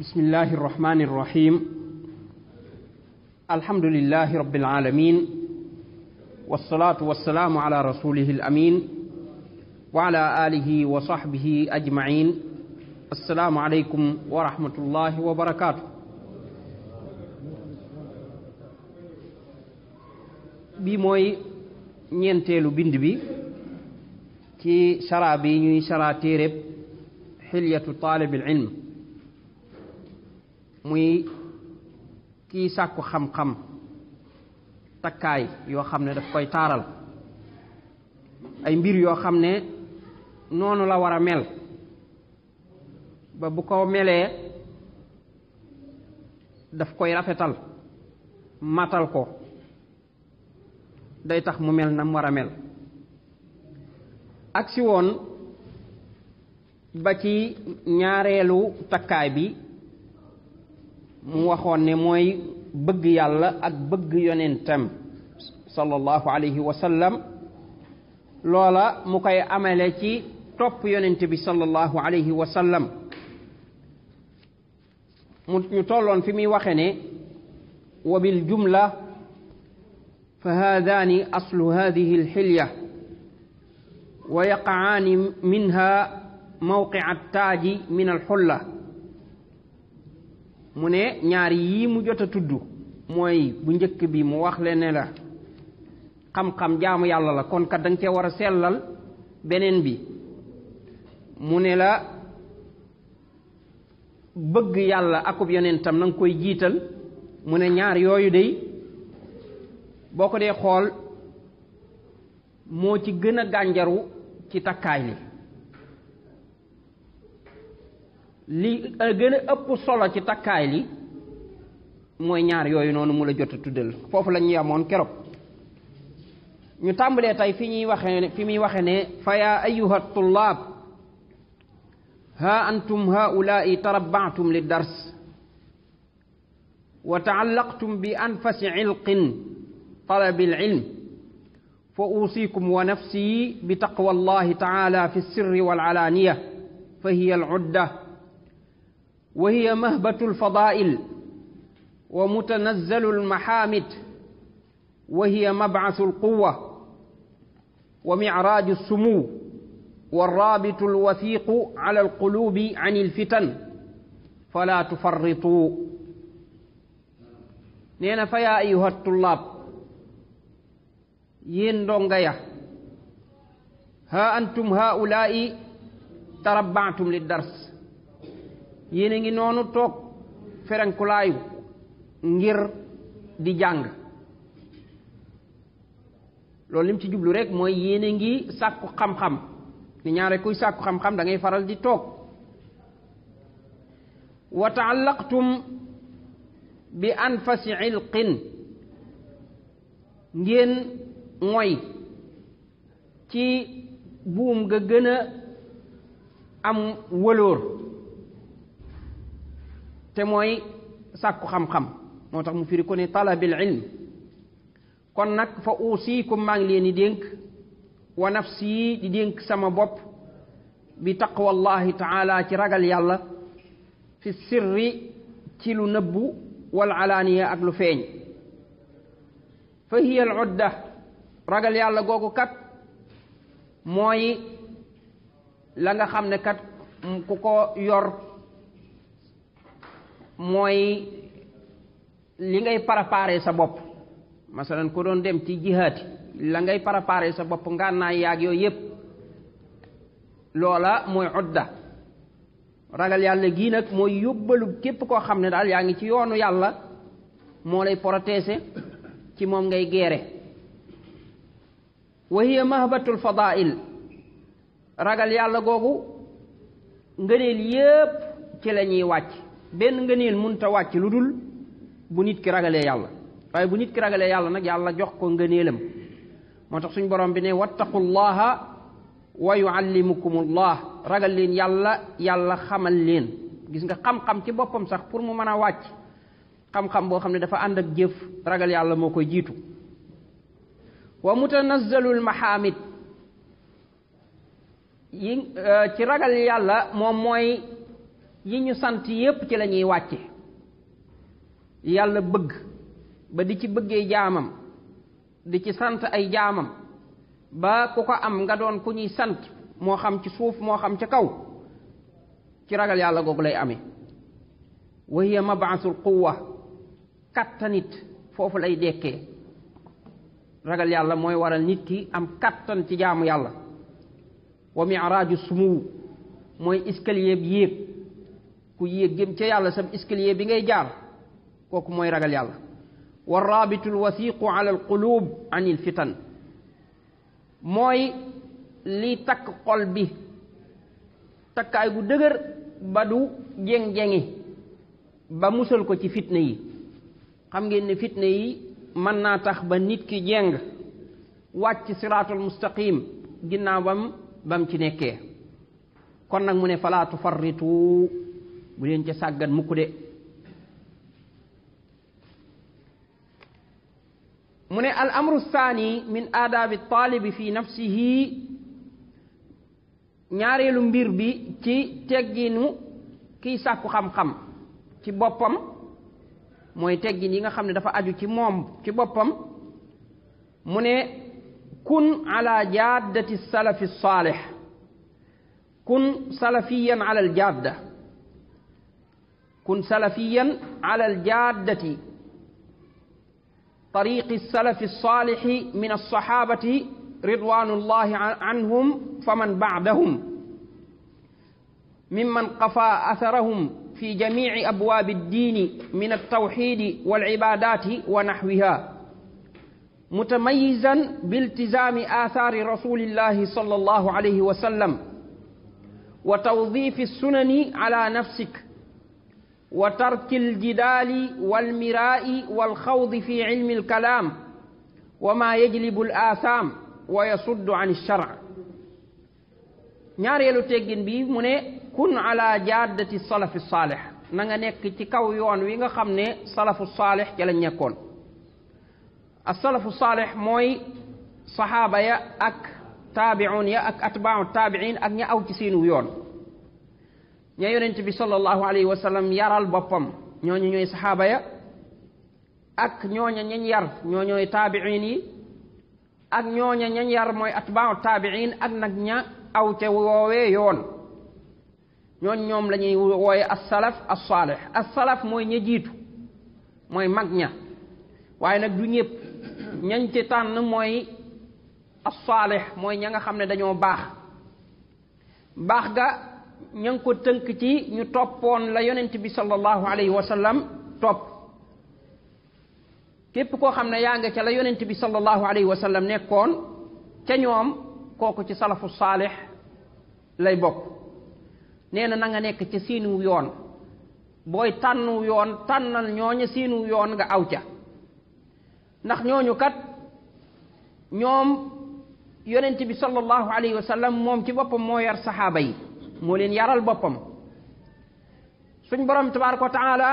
بسم الله الرحمن الرحيم الحمد لله رب العالمين والصلاة والسلام على رسوله الأمين وعلى آله وصحبه أجمعين السلام عليكم ورحمة الله وبركاته بموي نينتيلو بندبي كي شرابي ci تيرب حلية طالب العلم muy kii sàkku xam-xam takkaay yoo xam ne daf koy taaral ay mbir yoo xam ne noonu la war a mel ba bu ko melee daf koy rafetal matal ko day tax mu mel na mu war a mel agsi woon ba ci ñaareelu takkaay bi mu waxoon ne mooy bëgg yàlla ak bëgg yonentam sallallahu alayhi wa sallam loola mu koy amale ci topp yonent bi sallallahu alayhi wa sallam mu ñu tolloon fi muy waxe ne wa bil jumla fa haadaani aslu haadihi alxilya ويقعان منها موقع التاج من الحله mu ne ñaar yii mu jot a tudd mooy bu njëkk bi mu wax le ne la xam-xam jaamu yàlla la kon kat da cee war a sellal beneen bi mu ne la bëgg yàlla akub yonentam na nga koy jiital mu ne ñaar yooyu day boo ko dee xool moo ci gën a gànjaru ci takkaay li li gën a ëpp solo ci takkaay li mooy ñaar yooyu noonu mu la jot a tuddal foofu la ñu yamoon keroog ñu tàmbalee tey fi ñuy waxee ne fi muy waxee ne fa yaa ayuha tullaab ها أنتم هؤلاء تربعتم للدرس وتعلقتم بأنفس علق طلب العلم فأوصيكم ونفسي بتقوى الله تعالى في السر والعلانية فهي العدة وهي مهبة الفضائل ومتنزل المحامد وهي مبعث القوة ومعراج السمو والرابط الوثيق على القلوب عن الفتن فلا تفرطوا نينا فيا أيها الطلاب يندونغيا ها أنتم هؤلاء تربعتم للدرس yéen a ngi noonu toog ferenkulaayu ngir di jàng loolu lim ci jublu rek mooy yéen a ngi sàkku xam-xam ni ñaare kuy sàkku xam-xam da ngay faral di toog wa taallaqtum bi anfasi ilqin ngeen moy ci buum ga gën a am wëloor te mooy sàkku xam-xam moo tax mu firi ko ne talabil ilm kon nag fa di wa nafsi di sama bop bi Allah taala ci ragal yàlla fi sirri ci lu nëbbu wal alaaniya ak lu feeñ fa hiya al udda ragal kat mooy la nga xam kat ku ko yor Moy li ngay préparé sa bop masalan ko don dem ci jihad la ngay préparé sa nga na yaag yoy yep lola moy udda ragal yalla gi nak moy yóbbalu kep ko xamne dal yaangi yalla, ci yoonu yalla mo lay protéger ci mom ngay géré wa hiya mahbatul fadail ragal yalla googu ngëneel yep ci lañuy wacc benn ngëneel munta wàcc lu dul bu nit ki ragalee yàlla waaye bu nit ki ragalee yàlla nag yàlla jox ko ngëneelam moo tax suñ borom bi ne wattaqullaha wa yuallimukumullah ragal leen yàlla yàlla xamal leen gis nga xam-xam ci boppam sax pour mu mën a wàcc xam-xam boo xam ne dafa ànd ak jëf ragal yàlla moo koy jiitu wa mutanazzalu lmahamid yi ci ragal yàlla moom mooy yi ñu sant yépp ci lañuy ñuy wàcce yàlla bëgg ba di ci bëggee jaamam di ci sant ay jaamam ba ku ko am nga doon ku ñuy sant moo xam ci suuf moo xam ci kaw ci ragal yàlla googu lay amee wa hiya mabaasul quwa kattanit foofu lay dekkee ragal yàlla mooy waral nit ki am kattan ci jaamu yàlla wa miraaju sumu mooy escalier ku yeggem ci yàlla sam escalier bi ngay jaar koku moy ragal yàlla waraabitu lwasiqu ala alqulub anil fitan moy li tak xol bi takkaay gu dëgër badu jeng-jengi ba musul ko ci fitna yi xam ngeen ne fitna yi man na tax ba nit ki jeng wàcc siratul mustaqim ginnawam bam ci nekke kon nak mu ne falaa tufarritu bu leen ca sàggan mukk de mu ne al amru thani min aadaabi taalibi fi nafsihi ñaareelu mbir bi ci tegginu kiy sàkku xam-xam ci boppam mooy teggin yi nga xam ne dafa aju ci moom ci boppam mu ne kun ala jaadati salafi saalih kun salafiyan ala al jaadda كن سلفيا على الجادة طريق السلف الصالح من الصحابة رضوان الله عنهم فمن بعدهم ممن قفى أثرهم في جميع أبواب الدين من التوحيد والعبادات ونحوها متميزا بالتزام آثار رسول الله صلى الله عليه وسلم وتوظيف السنن على نفسك وترك الجدال والمراء والخوض في علم الكلام وما يجلب الآثام ويصد عن الشرع ñaareelu teggin bi mu ne kun ala jaddati salafi salih na nga nekk ci kaw yoon wi nga xam ne salafu salih ca la nekkoon asalafu salih mooy saxaaba ya ak taabiun ya ak atbaau taabiin ak ña aw ci seenu yoon ña yonent bi sallallahu alayhi wa sallam yaral boppam ñooñu ñooy saxaaba ya ak ñooña ñañ yar ñoo ñooy taabiin yi ak ñooña ñañ yar mooy atbaaw taabiin ak nag ña aw ca woowee yoon ñoo ñoom lañuy ñuy wooye assalaf mooy ña jiitu mooy mag ña waaye nag du ñëpp ñañ ci tànn mooy assaalih mooy ña nga xam ne dañoo baax baax ga ña ko tënk ci ñu toppoon la yonent bi sallallahu alayhi wa sallam topp képp koo xam ne yaa nga ca la yonent bi sallallahu alayhi wa sallam nekkoon ca ñoom kooku ci salafu saalix lay bokk nee na nanga nekk ca siinu yoon booy tànnu yoon tànnal ñooña siinu yoon nga aw ca ndax ñooñu ñoom yonent bi sallallahu alayhi wa sallam moom ci boppam moo yar saxaaba yi moo leen yaral boppam suñ borom tabaraka wa taala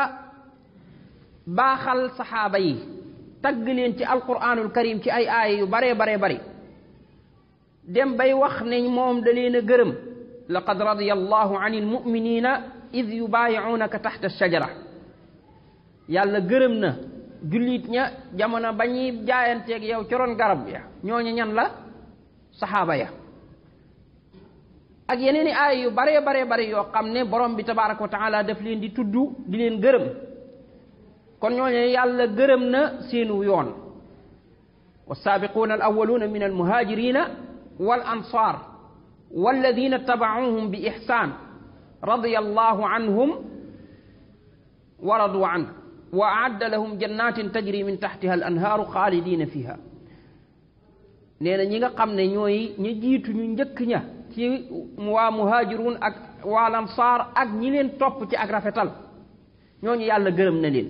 baaxal saxaaba yi tagg leen ci alquranul karim ci ay aaya yu bare bare bari dem bay wax ne moom da leen a gërëm laqad radia allahu an almuminina id yubayiunaka taxta alshajara yàlla gërëm na jullit ña jamono ba ñuy jaayanteeg yow ci ron garab ya ñooñu ñan la saxaaba ya ak yeneen i aay yu bare bare bare yoo xam ne borom bi tabaraka wa taala daf leen di tudd di leen gërëm kon ñooñu yàlla gërëm na seenu yoon والسابقون الأولون من المهاجرين والأنصار والذين اتبعوهم بإحسان رضي الله عنهم ورضوا عنه وأعد لهم جنات تجري من تحتها الأنهار خالدين فيها nee na ñi nga xam ne ñooy ña jiitu ñu njëkk ña ci wa muhajirun ak wa lansar ak ñi leen top ci ak rafetal ñu yalla gëreem na leen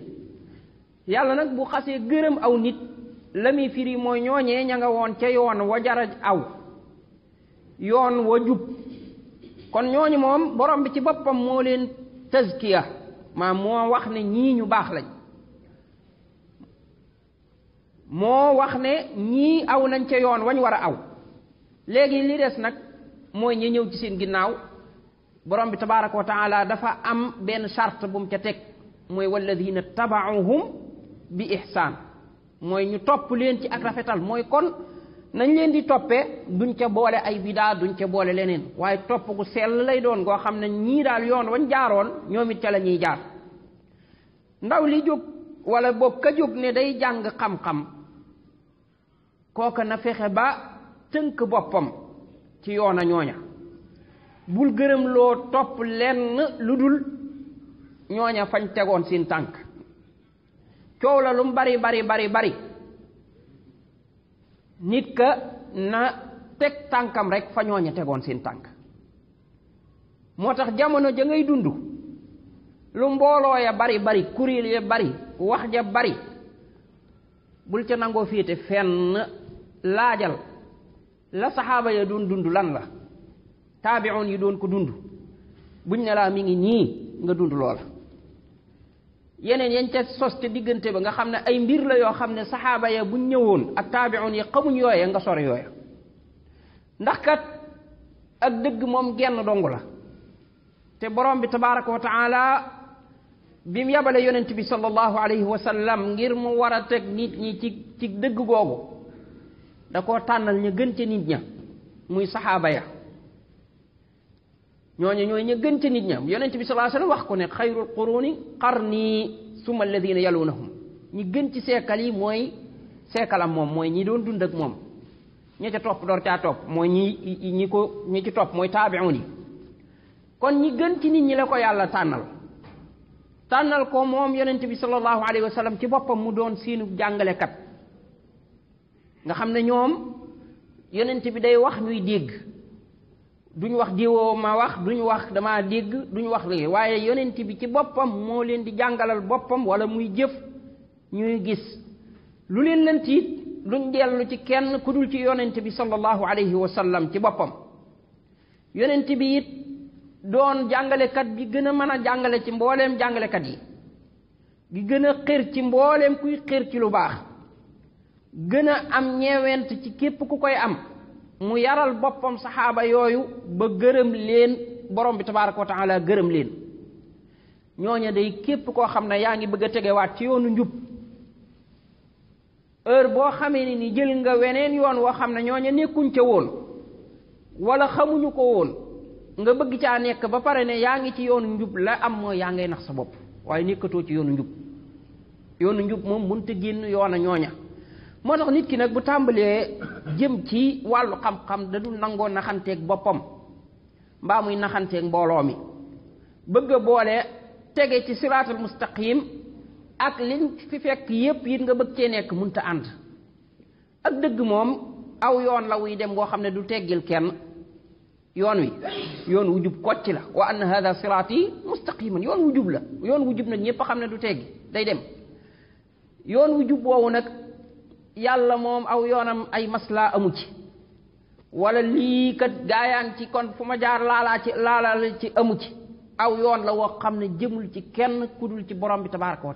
yalla nak bu xasse gëreem aw nit lami muy firi mooy ñooñee ña nga woon yoon wa jaraj aw yoon wa jup kon ñooñu mom borom bi ci bopam mo leen tazkiya ma mo wax ne ñi ñu bax lañ mo wax ne ñi aw nañ ci yoon wañ wara aw li dess nak mooy ñi ñëw ci seen ginnaaw borom bi tabaraka wa dafa am benn charte bu ca teg mooy walladina tabaauhum bi ihsaan mooy ñu topp leen ci ak rafetal mooy kon nañ leen di toppe duñ ca boole ay bidaa duñ ca boole leneen waaye topp gu sell lay doon goo xam ne ñii daal yoon wañ jaaroon ñoomit ca la ñuy jaar ndaw li jóg walla boobu ka jóg ne day jàng xam-xam kooka na fexe ba tënk boppam ci yoona ñooña bul gërëm loo topp lenn ludul dul ñooña fañ tegoon seen tànk coow la lum bari bari bari bari nit ka na tek tànkam rek fa ñooña tegoon seen tànk moo tax jamono ja ngay dund lu mbooloo ya bari bari kuréel ya bari wax ja bari bul ca nangoo féete fenn laajal la saxaaba ya doon dund lan la taabiroon yi doon ko dund buñ ne laa mi ngi nii nga dund loola yeneen yañ ca sos ca diggante ba nga xam ne ay mbir la yoo xam ne saxaaba ya buñ ñëwoon ak taabiroon yi xamuñ yooya nga sori yooya ndax kat ak dëgg moom genn dong la te borom bi tabaraka wa taala bi mu yabale yonent bi sallallahu alayhi wa ngir mu war a teg nit ñi ci ci dëgg googu da ko tanal ñu gën ci nit ña muy sahaba ya ñooñu ñooy ñu gën ci nit ña yonent bi salaa sallam wax ko ne khairul quruni qarni suma alladhina yalunhum ñi gën ci seekal yi moy seekalam mom moy ñi doon dund ak mom ñi ca top dor ca top moy ñi ñi ko ñi ci top moy tabi'uni kon ñi gën ci nit ñi la ko yalla tanal tanal ko mom yonent bi sallallahu alayhi wa ci bopam mu doon seenu kat nga xam ne ñoom yonent bi day wax ñuy dégg duñu wax diwoo ma wax duñu wax damaa dégg duñu wax léegi waaye yonent bi ci boppam moo leen di jàngalal boppam wala muy jëf ñuy gis lu leen leen tiit duñ dellu ci kenn ku dul ci yonent bi sallallahu alayhi wa sallam ci boppam yonent bi it doon jàngalekat bi gën a mën a jàngale ci mbooleem jàngalekat yi gi gën a xër ci mbooleem kuy xër ci lu baax gën a am ñeewent ci képp ku koy am mu yaral boppam saxaaba yooyu ba gërëm leen borom bi tabaraka wa taala gërëm leen ñooña day képp koo xam ne yaa ngi bëgg a tegewaat ci yoonu njub heure boo xamee ni ni jël nga weneen yoon woo xam ne ñooña nekkuñ ca woon wala xamuñu ko woon nga bëgg caa nekk ba pare ne yaa ngi ci yoonu njub la am moo yaa ngay nax sa bopp waaye nekkatoo ci yoonu njub yoonu njub moom mënta génn yoon a ñooña moo tax nit ki nag bu tàmbalee jëm ci wàllu xam-xam da dul nangoo naxanteeg boppam mbaa muy naxanteeg mbooloo mi bëgg boole tege ci siraatul mustaqim ak liñ fi fekk yépp yit nga bëgg cee nekk munta ànd ak dëgg moom aw yoon la wuy dem ngoo xam ne du teggil kenn yoon wi yoon wu jub kocc la wa ann hada siraati mustaqiman yoon wu jub la yoon wu jub nag ñépp xam ne du teggi day dem yoon wu jub nag yàlla moom aw yoonam ay maslaa amu ci wala lii kat gaayaan ci kon fu ma jaar laalaa ci laala ci amu ci aw yoon la woo xam ne jëmul ci kenn kudul ci borom bi tabaraka wa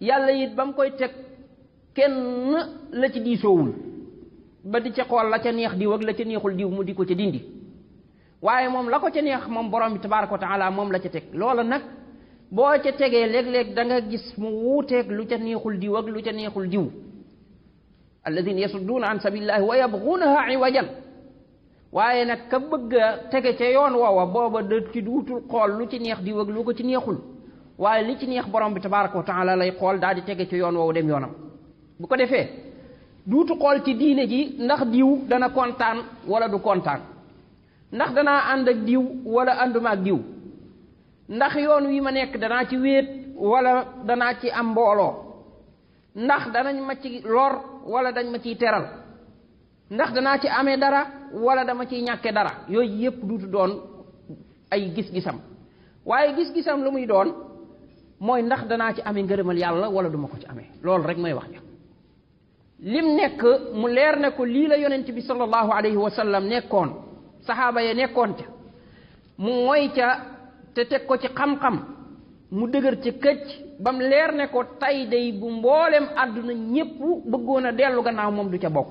yàlla yit ba mu koy teg kenn la ci diisoowul ba di ca xool la ca neex diw ak la ca neexul diw mu di ko ci dindi waaye moom la ko ca neex moom borom bi tabaraka wa moom la ca teg loola nag boo ca tegee léeg-léeg da nga gis mu wuuteeg lu ca neexul diw ak lu ca neexul diw alladina yasudduuna an sabilillahi wa yabguunaha iwajan waaye nag ka bëgg a tege ca yoon woowa booba da ci duutul xool lu ci neex diw ak lu ko ci neexul waaye li ci neex borom bi tabaraka wa taala lay xool daal di tege ci yoon woowu dem yoonam bu ko defee duutu xool ci diine ji ndax diw dana kontaan wala du kontaan ndax danaa ànd ak diw wala ànduma ak diw ndax yoon wi ma nekk dana ci wéet wala dana ci am mbooloo ndax danañ ma ci lor wala dañ ma ci teral ndax dana ci amee dara wala dama ci ñàkke dara yooyu yépp duutu doon ay gis-gisam waaye gis-gisam lu muy doon mooy ndax dana ci amee ngërëmal yàlla wala duma ko ci amee loolu rek may wax lim nekk mu leer ne ko lii la yonent bi sallallahu alayhi wa sallam nekkoon sahaaba ya nekkoon ca moy ca te teg ko ci xam-xam mu dëgër ci këcc bam leer ne ko tay day bu mbooleem àdduna ñépp bëggoon a dellu gannaaw moom du ca bokk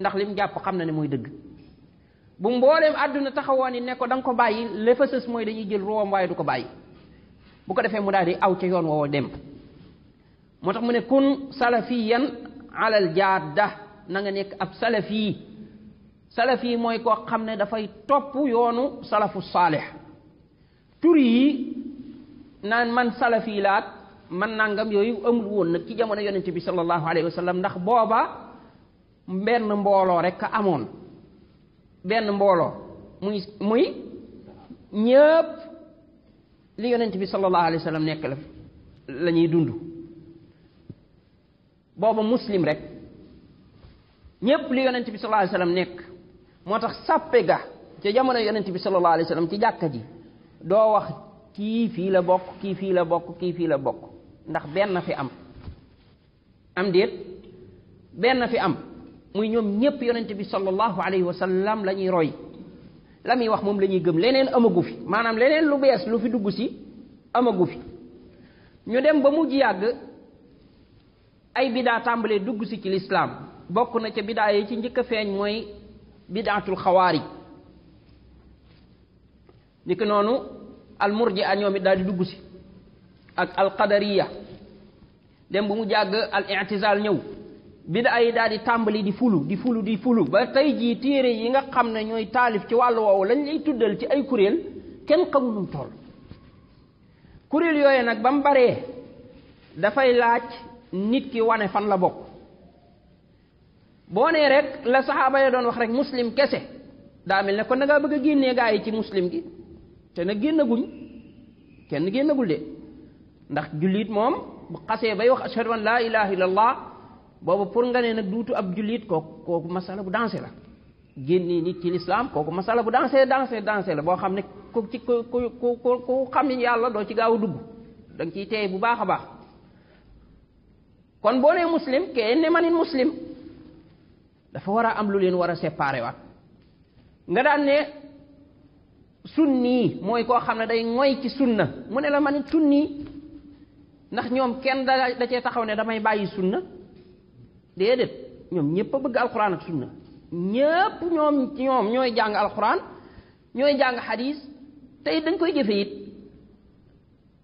ndax lim jàpp xam na ne mooy dëgg bu mbooleem àdduna taxawoon ne nekk da nga ko bàyyi la mooy dañuy jël room waaye du ko bàyyi bu ko defee mu daal di aw ca yoon woowa dem moo tax mu ne kun salafiyan alal jaadda na nga nekk ab salafi salafi mooy koo xam ne dafay topp yoonu salafu saalix turi nan man salafi lat man nangam yoy amul won nak ci jamono yonent bi sallallahu alaihi wasallam ndax boba ben mbolo rek ka amoon benn muy muy ñepp li yonent bi sallallahu alaihi wasallam nek la lañuy dundu boba muslim rek ñepp li yonent bi sallallahu alaihi wasallam nek motax tax ci jamono yonent bi sallallahu alaihi wasallam ci jakka ji doo wax kii fii la bokk kii fii la bokk kii fii la bokk ndax benn fi am am déet benn fi am muy ñoom ñépp yonent bi sallallahu alayhi wa sallam la ñuy roy la muy wax moom lañuy gëm leneen amagu fi maanaam leneen lu bees lu fi dugg si amagu fi ñu dem ba mujj yàgg ay biddaa tàmbalee dugg si ci lislaam bokk na ca bidaa yi ci njëkk a feeñ mooy bidaatul xawaarij ni ki noonu al murji'a ñoom it daal di dugg si ak al qadariya dem bu mu jàgg al i'tizal ñëw bi yi daal di tàmbali di fulu di fulu di fulu ba tey jii téere yi nga xam ne ñooy taalif ci wàll woowu lañ lay tuddal ci ay kuréel kenn xamul lu kuréel yooyu nag ba mu baree dafay laaj nit ki wane fan la bokk boo nee rek la saxaaba ya doon wax rek muslim kese daa mel ne kon da ngaa bëgg a génnee gaa yi ci muslim gi te nag gennaguñ kenn gennagul de ndax julit mom, bu xasse bay wax ashhadu an la ilaha illallah bobu pour nga ne nag duutu ab julit kooku kooku masala bu danser la genni nit ci l'islam kooku masala bu danser danser danser la bo xam ne ci ko ko ko xam ni yalla do ci gaawu dugg dang ci ciy bu baakha baax kon bo nee muslim kee ne manin muslim dafa wara am lu len wara séparé nga daan ne sunni mooy koo xam ne day ngoy ci sunna mu ne la man it sunni ndax ñoom kenn da da cee taxaw ne damay bàyyi sunna déedéet ñoom ñëpp bëgg alxuraan ak sunna ñëpp ñoom ñoom ñooy jàng alxuraan ñooy jàng xadiis te it dañ koy jëfe it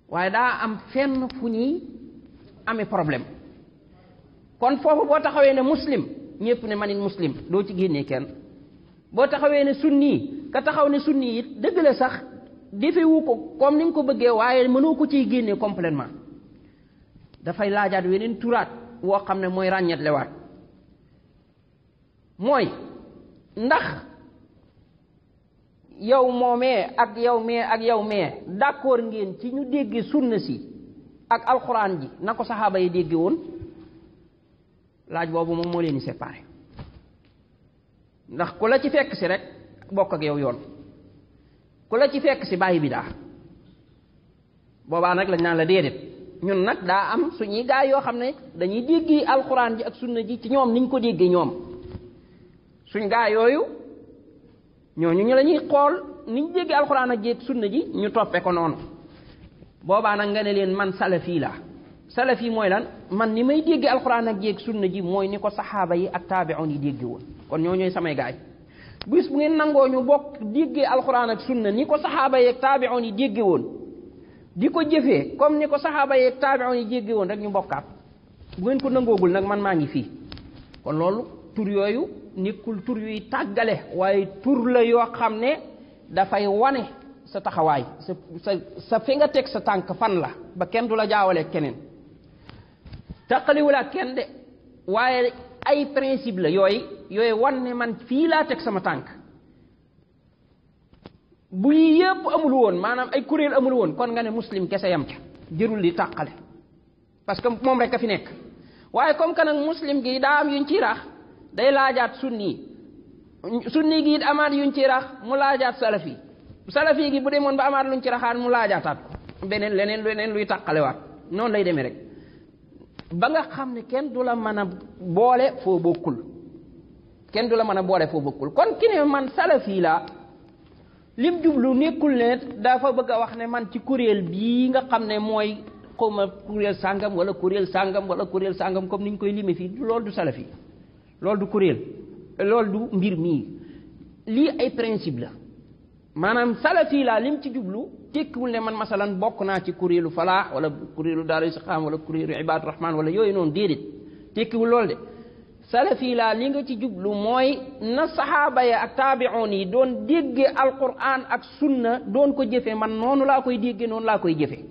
waaye daa am fenn fu ñuy amee problème kon foofu boo taxawee ne muslim ñëpp ne man it muslim doo ci génnee kenn boo taxawee ne sunni ka taxaw ne sunni it dëgg la sax defewu ko comme ni nga ko bëggee waaye mënoo ko ciy génne complètement dafay laajaat weneen turaat woo xam ne mooy ràññetlewaat mooy ndax yow moomee ak yow mee ak yow mee d'accord ngeen ci ñu dégg sunna si ak alxuraan ji na ko saxaaba yi dégge woon laaj boobu moom moo leen di séparé ndax ku la ci fekk si rek bokk ak yow yoon ku la ci fekk si bàyyi bi daa boobaa nag lañ naan la déedéet ñun nag daa am suñuy gaa yoo xam ne dañuy dégg alxuraan ji ak sunna ji ci ñoom niñ ko déggee ñoom suñ yooyu ñooñu ñu la ñuy xool niñ dégg alxuraan ak ji ak sunna ji ñu toppe ko noonu boobaa nag nga ne leen man salafi la salafi mooy lan man ni may dégg alxuraan ak ji ak sunna ji mooy ni ko saxaaba yi ak taabi'un yi dégg kon ñoo ñooy samay gaay bis bu ngeen nangoo ñu bokk déggee alxuraan ak sunna ni ko saxaaba yeeg taabi'oon yi dégge woon di ko jëfee comme ni ko saxaaba yeeg taabi'oon yi dégge woon rek ñu bokkaat bu ngeen ko nangoogul nag man maa ngi fii kon loolu tur yooyu nekkul tur yuy tàggale waaye tur la yoo xam ne dafay wane sa taxawaay sa sa sa fi nga teg sa tànk fan la ba kenn du la jaawale keneen tàqaliwul ak kenn de waaye ay principe la yooyu one wan ne man fii laa teg sama tànk bu yépp amul woon maanaam ay kuréel amul woon kon nga ne muslim kese yam ca jërul li tàqale parce que moom rek a fi nekk waaye comme que nag muslim gi daa am yuñ ci rax day laajaat sunni sunni gi it amaat yuñ ci rax mu laajaat salafi salafi gi bu demoon ba amaat luñ ci raxaan mu laajaataat beneen leneen leneen luy tàqalewaat noonu lay demee rek ba nga xam ne kenn du la mën a boole foo bokkul kenn du la mën a boole foo bokkul kon ki ne man salafi la lim jublu nekkul ne dafa bëgg a wax ne man ci kuréel bii nga xam ne mooy xawma kuréel sangam wala kuréel sangam wala kuréel sangam comme niñ koy limé fii loolu du salafi loolu du kuréel loolu du mbir mii lii ay principe la maanaam salafi laa lim ci jublu tekkiwul ne man masalan bokk naa ci kuréelu falaax wala kuréelu daaru istiqaam wala kuréelu ibaadu rahmaan wala yooyu noonu déedéet tekkiwul loolu de salafi laa li nga ci jublu mooy na saxaaba ya ak taabi'oon yi doon déggee alquran ak sunna doon ko jëfe man noonu laa koy déggee noonu laa koy jëfe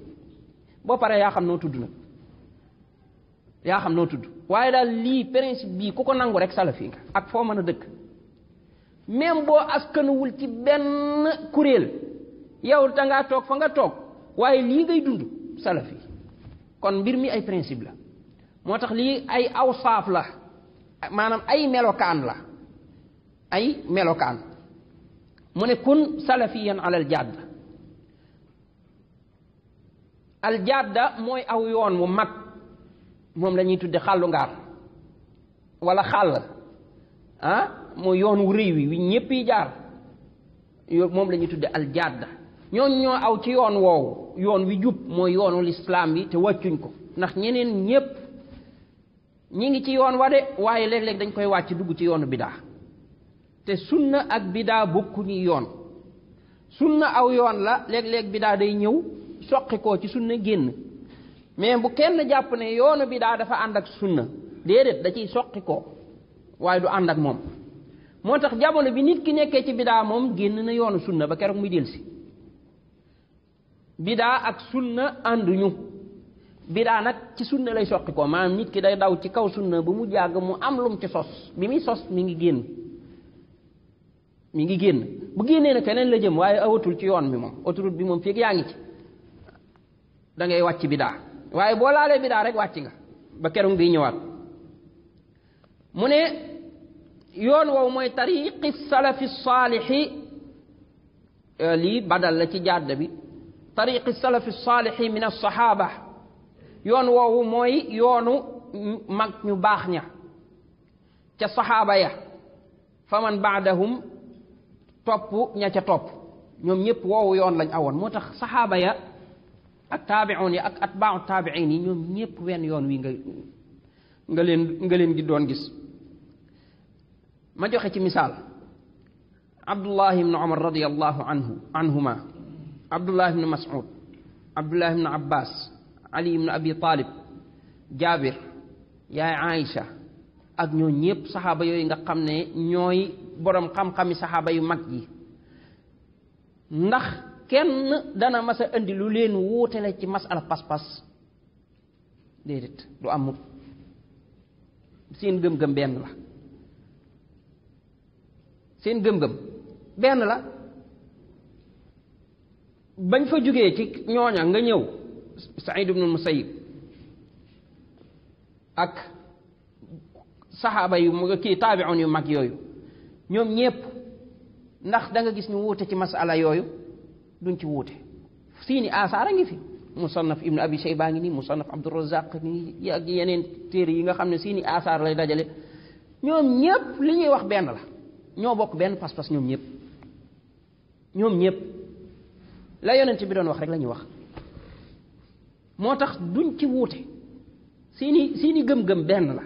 boo paree yaa xam noo tudd nag yaa xam noo tudd waaye daal lii principe bii ku ko nangu rek salafi nga ak foo mën a dëkk même boo askanuwul ci benn kuréel yow da toog fa nga toog waaye lii ngay dund salaf kon mbir mi ay principe la moo tax lii ay awsaaf la maanaam ay melokaan la ay melokaan mu ne kun salafiyan alal jadda al jadda mooy aw yoon mu mag moom lañuy tudde xàllu ngaar wala xàll ah moo yoon wu rëy wi ñëpp yi jaar moom la ñuy tudde aljaada ñoon ñoo aw ci yoon woowu yoon wi jub mooy yoonu lislaam bi te wàccuñ ko ndax ñeneen ñëpp ñi ngi ci yoon wa de waaye léeg-léeg dañ koy wàcc dugg ci yoonu bidaa te sunna ak bidaa bokkuñu yoon sunna aw yoon la léeg-léeg bidaa day ñëw soqikoo koo ci sunna génn mais bu kenn jàpp ne yoonu bidaa dafa ànd ak sunna déedéet da ciy soqi waaye du ànd ak moom moo tax jamono bi nit ki nekkee ci biddaa moom génn na yoonu sunna ba keroog muy delsi bidaa ak sunna ànduñu bidaa nag ci sunna lay soqi ko maanaam nit ki day daw ci kaw sunna ba mu jàgg mu am lum ci sos bi muy sos mi ngi génn mu ngi génn bu génnee na feneen la jëm waaye awatul ci yoon bi moom autoroute bi moom feeg yaa ngi ci da wàcc bidaa waaye boo laalee bidaa rek wàcc nga ba keroog bi ñëwaat mu ne يون وو موي طريق السلف الصالح لي بدل لا تي جاد بي طريق السلف الصالح من الصحابه يون وو موي يونو ماك ني باخ نيا تي صحابه يا فمن بعدهم توب نيا تي توب نيوم نيب وو يون لا نيا اون موتاخ صحابه يا اك تابعون يا اك اتباع التابعين نيوم نيب وين يون وي nga len nga len gi don gis Maju joxe ci misaal abdullah ibn umar radiyallahu anhu anhuma abdullah ibn mas'ud abdullah ibn abbas ali ibn abi talib jabir ya aisha ak ñoo ñepp sahaba yoy nga xamne ñoy borom xam-xami sahaba yu mag yi ndax kenn dana massa andi lu leen ci masala pas-pas dedet du amul seen gëm-gëm ben la seen gëm-gëm benn la bañ fa jógee ci ñooña nga ñëw Saïd ibnu Musayyib ak saxaaba yu mu kii yu mag yooyu ñoom ñépp ndax danga gis ñu wuute ci masala yooyu duñ ci wuute siini asaara ngi fi musannaf ibnu abi shayba ngi nii musannaf abdurazaq ngi ak yeneen téere yi nga xam ne siini asaar lay dajale ñoom ñépp li ñuy wax benn la ñoo bokk benn pas-pas ñoom ñëpp ñoom ñëpp la yonent bi doon wax rek la ñuy wax moo tax duñ ci wuute seeni seeni gëm-gëm benn la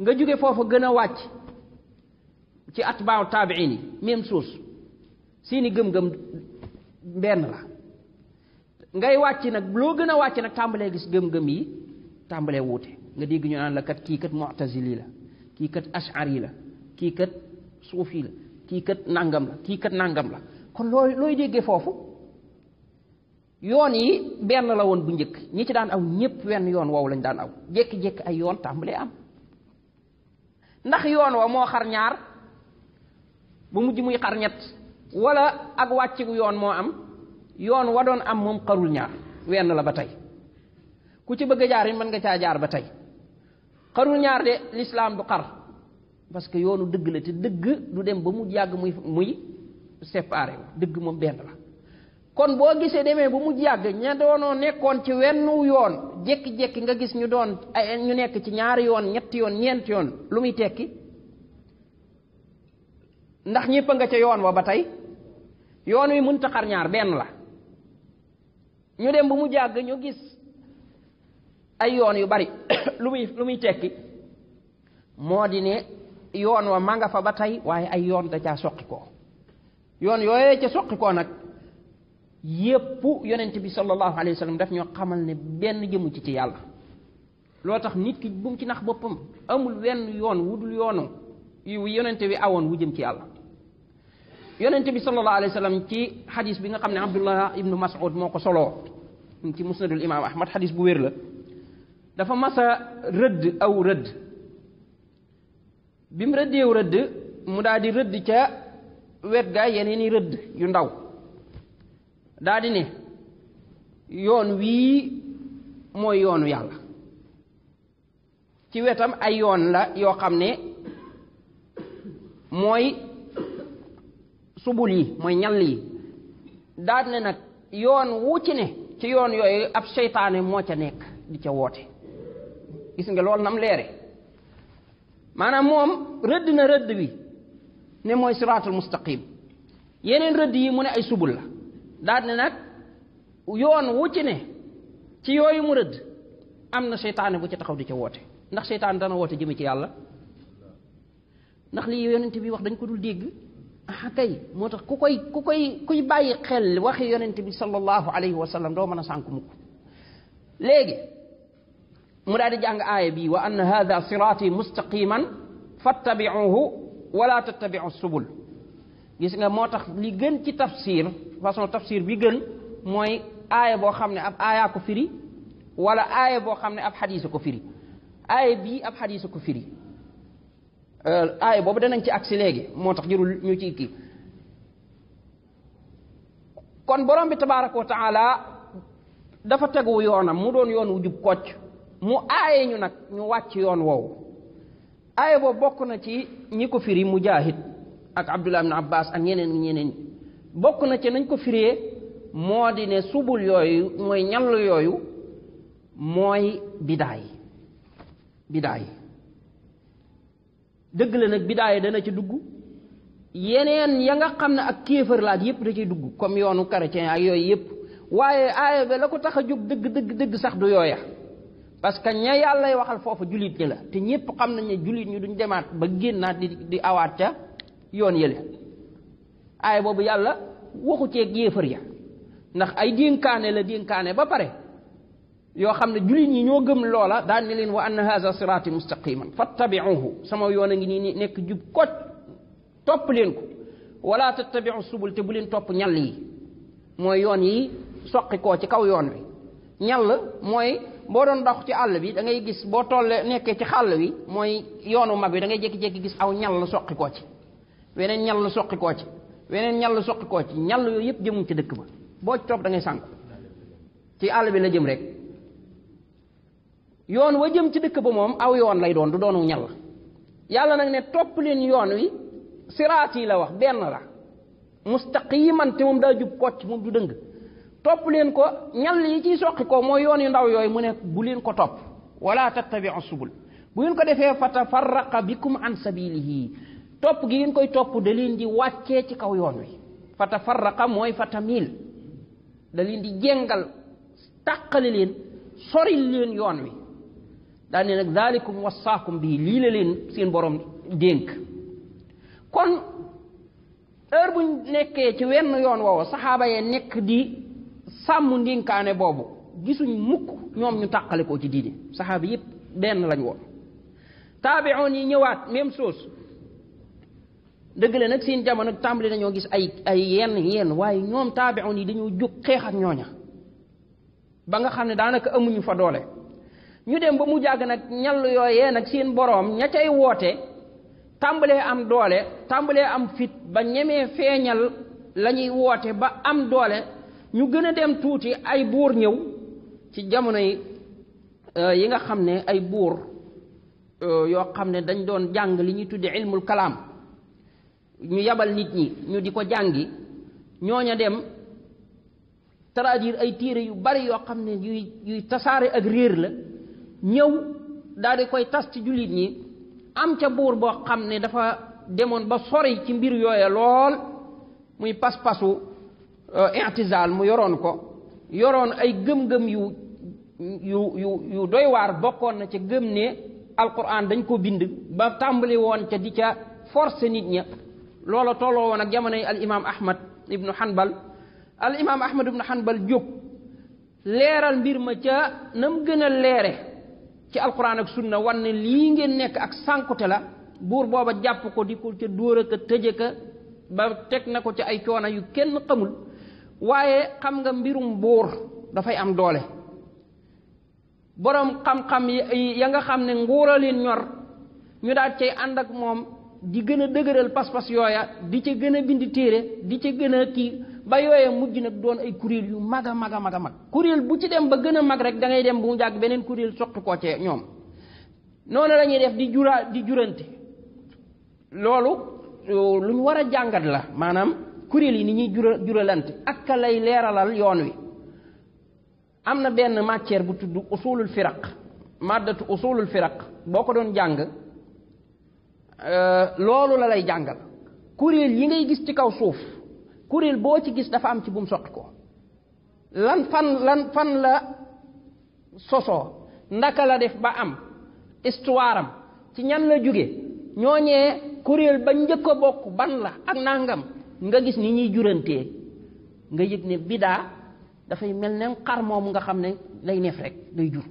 nga jóge foofa gën a wàcc ci atbaaw taabiin yi même chose seeni gëm-gëm benn la ngay wàcc nag loo gën a wàcc nag tàmbalee gis gëm-gëm yi tàmbalee wuute nga dégg ñu naan la kat kii kat mu'tazili la kii kat ash'ari la kii kat suufi la kii kat nangam la kii kat nangam la kon looy looy déggee foofu yoon yi benn la woon bu njëkk ñi ci daan aw ñépp wenn yoon woowu lañ daan aw ay yoon tàmbalee am ndax yoon wa moo xar ñaar ba mujj muy xar ñett wala ak wàccigu yoon moo am yoon wa doon am moom xarul ñaar wenn la ba tey ku ci bëgg jaar mën nga caa jaar ba xarul ñaar de l'islam du xar parce que yoonu dëgg la te dëgg du dem ba mu yàgg muy muy séparé wu dëgg moom la kon boo gisee demee ba mu yàgg ña doonoo nekkoon ci wennu yoon jekki-jekki nga gis ñu doon ñu nekk ci ñaari yoon ñetti yoon ñeenti yoon lu muy tekki ndax ñëpp nga ca yoon wa ba tey yoon wi mënta xar ñaar benn la ñu dem bu mu jàgg ñu gis ay yoon yu bari lu muy lu muy tekki moo yoon wa ma nga fa ba tey waaye ay yoon da caa soqi koo yoon yooyee ca soqi koo nag yépp yonent bi sallallahu alayhi wa sallam daf ñoo xamal ne benn jëmu ci ci yàlla loo tax nit ki bu mu ci nax boppam amul wenn yoon wudul yoonu yu yonent bi awoon wu jëm ci yàlla yonent bi sallallahu alayhi wa sallam ci xadis bi nga xam ne abdullah ibnu mas'ud moo ko soloo ci musnadul imam ahmad xadis bu wér la dafa mas a rëdd aw rëdd bi mu rëddeew rëdd mu daal di rëdd ca wet ga yeneen i rëdd yu ndaw daal di ne yoon wii mooy yoonu yàlla ci wetam ay yoon la yoo xam ne mooy subul yi mooy ñal yi daal di ne nag yoon wu ci ne ci yoon yooyu ab seytaane moo ca nekk di ca woote gis nga loolu nam leere maanaam moom rëdd na rëdd bi ne mooy siraatul mustaqim yeneen rëdd yi mu ne ay subul la daal ne nag yoon wu ci ne ci yooyu mu rëdd am na seytaane bu ci taxaw di ca woote ndax seytaane dana woote jëme ci yàlla ndax lii yonent bi wax dañ ko dul dégg ah kay moo tax ku koy ku koy kuy bàyyi xel waxi yonent bi sallallahu alayhi wa sallam doo mën a sànk mukk léegi mu daal di jàng aaya bi wa anna hadha siraati mustaqiman fattabicuhu wala tattabicu subul gis nga moo tax li gën ci tafsir façon tafsir bi gën mooy aaya boo xam ne ab aayaa ko firi wala aaya boo xam ne ab xadiisa ko firi aaya bii ab xadiisa ko firi aaya boobu danañ ci agsi léegi moo tax jërul ñu ci kii kon borom bi tabaraka wa taala dafa tegu yoonam mu doon yoon wu jub kocc mu aaye ñu nag ñu wàcc yoon woowu aaye boobu bokk na ci ñi ko fir firi mujaahid ak abdullah ibn abbas ak ñeneen ñeneen bokk na ci nañ ko firee moo di ne subul yooyu mooy ñallu yooyu mooy bidaay bidaay dëgg la nag bidaay dana ci dugg yeneen ya nga xam ne ak kéefër laat yépp da ciy dugg comme yoonu chrétien ak yooyu yépp waaye aaya ba la ko tax a jóg dëgg dëgg dëgg sax du yooya parce que ñay yalla waxal fofu julit ñi la te ñepp xam nañ ne julit ñu duñ demat ba genn di di awat ca yoon yele ay bobu yalla waxu ceeg yéefar ya ndax ay la ba pare yo xamne julit ñi ñoo gëm loola da ni leen wa anna hadha sirati mustaqiman fattabiuhu sama yoon a ngi nii nekk jub koj leen ko wala tattabiu subul te bu leen top ñal yi moy. yoon yi soqi ci kaw yoon wi ñal moy boo doon dox ci àll bi da ngay gis boo tollee nekkee ci xàll wi mooy yoonu mag wi da ngay jékki gis aw ñall soqi koo ci weneen ñall soqi koo ci ñal ñall soqi koo ci ñall yooyu yëpp jëmuñ ci dëkk ba boo ci topp da ngay ci àll bi la jëm rek yoon wa jëm ci dëkk ba moom aw yoon lay doon du doonu ñall yàlla nag ne topp leen yoon wi siraat yi la wax benn la mustaqiman te moom daa jub kocc moom du dëng topp leen ko ñal yi ciy soqi ko mooy yoon yu ndaw yooyu mu nekk bu leen ko topp wala tattabiu subul bu ngeen ko defee fa tafarraqa bikum an sabilihi topp gi ngeen koy topp da leen di wàccee ci kaw yoon wi fa tafarraqa mooy fa tamil da di jéngal tàqali leen soril leen yoon wi daa ne nag dalikum wasaakum bii lii la leen seen borom dénk kon heure buñ nekkee ci wenn yoon woowa saxaaba yee nekk di sàmm ndinkaane boobu gisuñ mukk ñoom ñu tàqale ko ci diine saxaaba yépp benn lañ woon taabi'oon yi ñëwaat même chose dëgg la nag seen jamono tàmbali nañoo gis ay ay yenn yenn waaye ñoom taabi'oon yi dañoo jóg xeex ak ñooña ba nga xam ne daanaka amuñu fa doole ñu dem ba mu jàgg nag ñall yooyee nag seen boroom ña cay woote tàmbalee am doole tàmbalee am fit ba ñemee feeñal lañuy woote ba am doole ñu gën a dem tuuti ay buur ñëw ci jamono yi euh, yi nga xam ne ay buur euh, yoo xam ne dañ doon jàng li ñuy tudde ilmul kalaam ñu yabal nit ñi ñu di ko jàngi ñooña dem traduire ay téere yu bari yoo xam ne yuy yuy tasaare ak réer la ñëw daal di koy tas ci jullit ñi am ca buur boo xam ne dafa demoon ba sori ci mbir yooya lool muy pas-pasu Euh, intizal mu yoroon ko yoroon ay gëm-gëm yu yu yu yu doy waar bokkoon na ca gëm ne alquran dañ ko bind ba tàmbali woon ca di ca forcé nit ña loola tolloo woon ak jamonoy al imaam ahmad ibnu hanbal al imam ahmad ibnu hanbal jóg leeral mbir ma ca nam gën a leere ci alquran ak sunna wan ne lii ngeen nekk ak sànkute la buur booba jàpp ko di ko ca dóor a ba teg na ko ca ay coona yu kenn xamul waaye xam nga mbirum buur dafay am doole borom xam-xam ya, ya nga xam ne nguura ñor ñu daal cay ànd ak moom di gën a dëgëral pas-pas yooya di ca gën a bind téere di ca gën a kii ba yooya mujj nag doon ay kuréel yu mag a mag a mag a mag kuréel bu ci dem ba gën a mag rek da ngay dem bu mu jàgg beneen kuréel ko ñoom noonu la def di jura di jurante loolu lu ñu war a jàngat la maanaam kuréel yi ni ñuy jura juralante ak ka lay leeralal yoon wi am na matière bu tudd usulul firaq maddatu usulul firaq boo ko doon jàng euh, loolu la lay jàngal kuréel yi ngay gis ci kaw suuf kuréel boo ci gis dafa am ci bum sotti lan fan lan fan la soso ndaka la def ba am histoire ci ñan la jóge kuréel ba njëkk ban la ak nangam nga gis ni ñuy jurantee nga yëg ne bidaa da mel ne xar moom nga xam ne lay neef rek day jur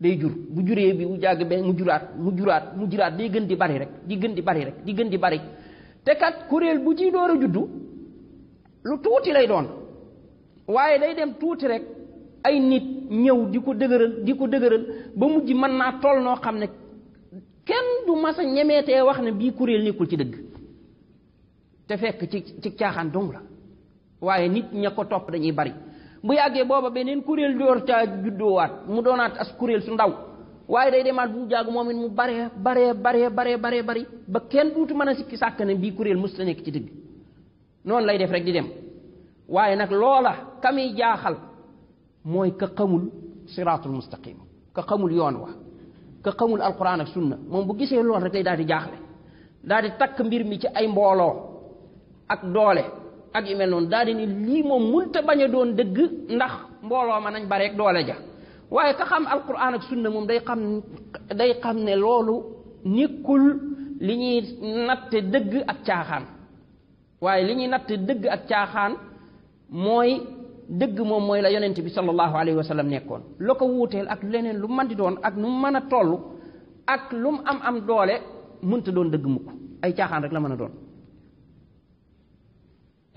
day jur bu juree bi bu jàgg be mu juraat mu juraat mu juraat day gën di bari rek di gën di bari rek di gën di bari te kat kuréel bu ci door juddu lu tuuti lay doon waaye day dem tuuti rek ay nit ñëw di ko dëgëral di ko dëgëral ba mujj mën naa toll noo xam ne kenn du masa ñemeetee wax ne bi kuréel nekkul ci dëgg te fekk ci ci caaxaan dong la waaye nit ña ko topp dañuy bari bu yàggee booba beneen kuréel door caa juddoowaat mu doonaat as kuréel su ndaw waaye day demaat bu jàgg moom mu bare bare bare bare bare bari ba kenn duutu mën a sikki sàkk ne bii kuréel mus la nekk ci dëgg noonu lay def rek di dem waaye nag loola kamiy jaaxal mooy ka xamul siratul mustaqim ka xamul yoon wa ka xamul alquran ak sunna moom bu gisee lool rek lay daal di jaaxle daal di takk mbir mi ci ay mbooloo ak doole ak yu mel noonu daal ni lii moom munta bañ a doon dëgg ndax mbooloo ma nañ bareeg doole ja waaye ka xam alquran ak sunna moom day xam day xam ne loolu nekkul li ñuy natte dëgg ak caaxaan waaye li ñuy natte dëgg ak caaxaan mooy dëgg moom mooy la yonent bi sallallahu alayhi wa sallam nekkoon la ak leneen lu man doon ak nu mën a toll ak lu mu am am doole munta doon dëgg mukk ay caaxaan rek la mën a doon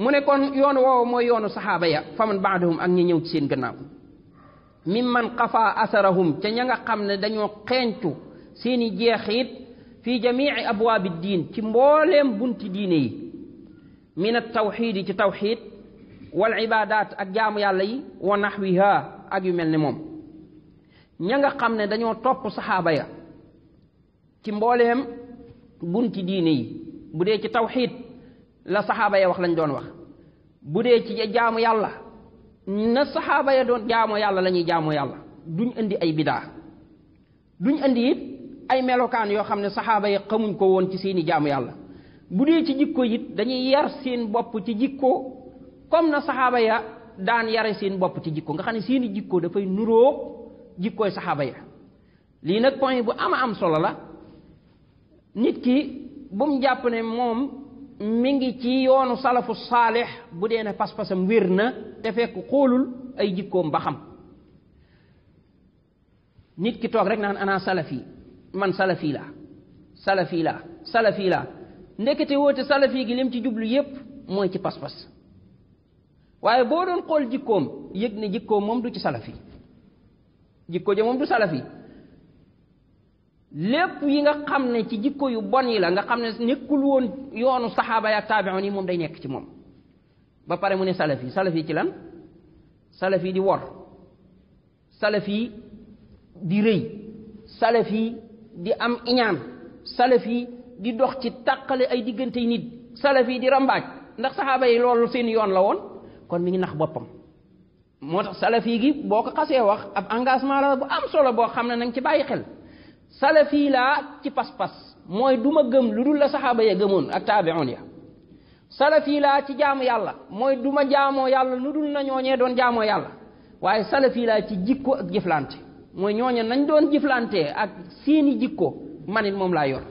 mune kon yoon woowu mooy yoonu saxaaba ya faman baadahum ak ñi ñëw ci seen gannaaw mimman qafa asarahum ca ña nga xam ne dañoo xeeñtu seeni jeexit fi jamiici abwaabi diin ci mbooleem bunti diine yi min attawxiidi ci tawxiid wal ibadat ak jaamu yàlla yi wa naxwiha ak yu mel ne moom ña nga xam ne dañoo topp saxaaba ya ci mbooleem bunti diine yi bu dee ci tawxiid la saxaaba ya wax lañ doon wax bu dee ci jaamu yàlla na saxaaba ya doon jaamu yàlla la ñuy jaamu yàlla duñ indi ay bidaa duñ indi it ay melokaan yoo xam ne saxaaba ya xamuñ ko woon ci seeni jaamu yàlla bu dee ci jikko it dañuy yar seen bopp ci jikko kom na saxaaba ya daan yare seen bopp ci jikko nga xam ne seeni jikkoo dafay nuroo jikkooy saxaaba ya lii nag point bu ama am solo la nit ki bu mu jàpp ne moom mi ngi ci yoonu salafu saalix bu dee na pas-pasam wér na te fekk xoolul ay jikkoom ba xam nit ki toog rek naan ana salafi man salafi laa salafi laa salafi te ndekete woote salafi gi lim ci jublu yépp mooy ci pas-pas waaye boo doon xool jikkoom yëg ne jikkoom moom du ci salafi jikko ja moom du salafi lépp yi nga xam ne ci jikko yu bon yi la nga xam ne nekkul woon yoonu saxaaba ya taabi'un yi moom day nekk ci moom ba pare mu ne salaf yi salaf ci lan salaf di wor salaf di rëy salaf yi di am iñaan salaf yi di dox ci tàqale ay diggante nit salaf di rambaaj ndax saxaaba yi loolu seen yoon la woon kon mi ngi nax boppam moo tax salaf gi boo ko xasee wax ab engagement la bu am solo boo xam ne na ci bàyyi xel salafi laa ci pas-pas mooy du ma gëm lu dul la saxaaba ya gëmoon ak taabi'oon ya salafi laa ci jaamu yàlla mooy du ma jaamoo yàlla lu dul na ñooñee doon jaamoo yàlla waaye salafi laa ci jikko ak jëflante mooy ñooñe nañ doon jëflante ak seeni jikko manit moom laa yor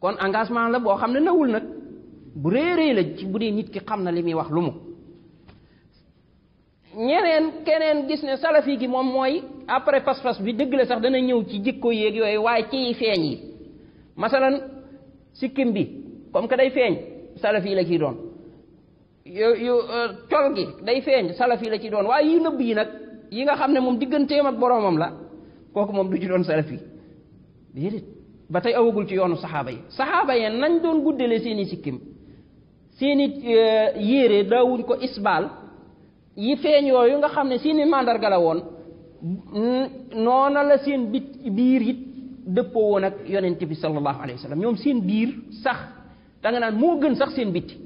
kon engagement la boo xam ne nawul nag bu réeréy la ci bu dee nit ki xam na li muy wax lu mu ñeneen keneen gis ne salafi gi moom mooy après pas-pas bi dëgg sax dana ñëw ci jikko yéeg yooyu waaye ci feeñ yi masalan sikkim bi comme que day feeñ salaf la ciy doon yu yu euh, day feeñ salaf la ciy doon waaye yu nëbb yi nag yi nga xam ne moom digganteem ak boroomam la kooku moom du ci doon salaf yi ba tey awagul ci yoonu saxaaba yi saxaaba yi nañ doon guddale seeni sikkim seeni euh, yére daawuñ ko isbaal yi feeñ yooyu nga xam ne seeni màndarga la woon noona la seen bit biir it dëppoo woon ak yonent bi sallallahu alayhi wa sallam ñoom seen biir sax da nga naan moo gën sax seen bitti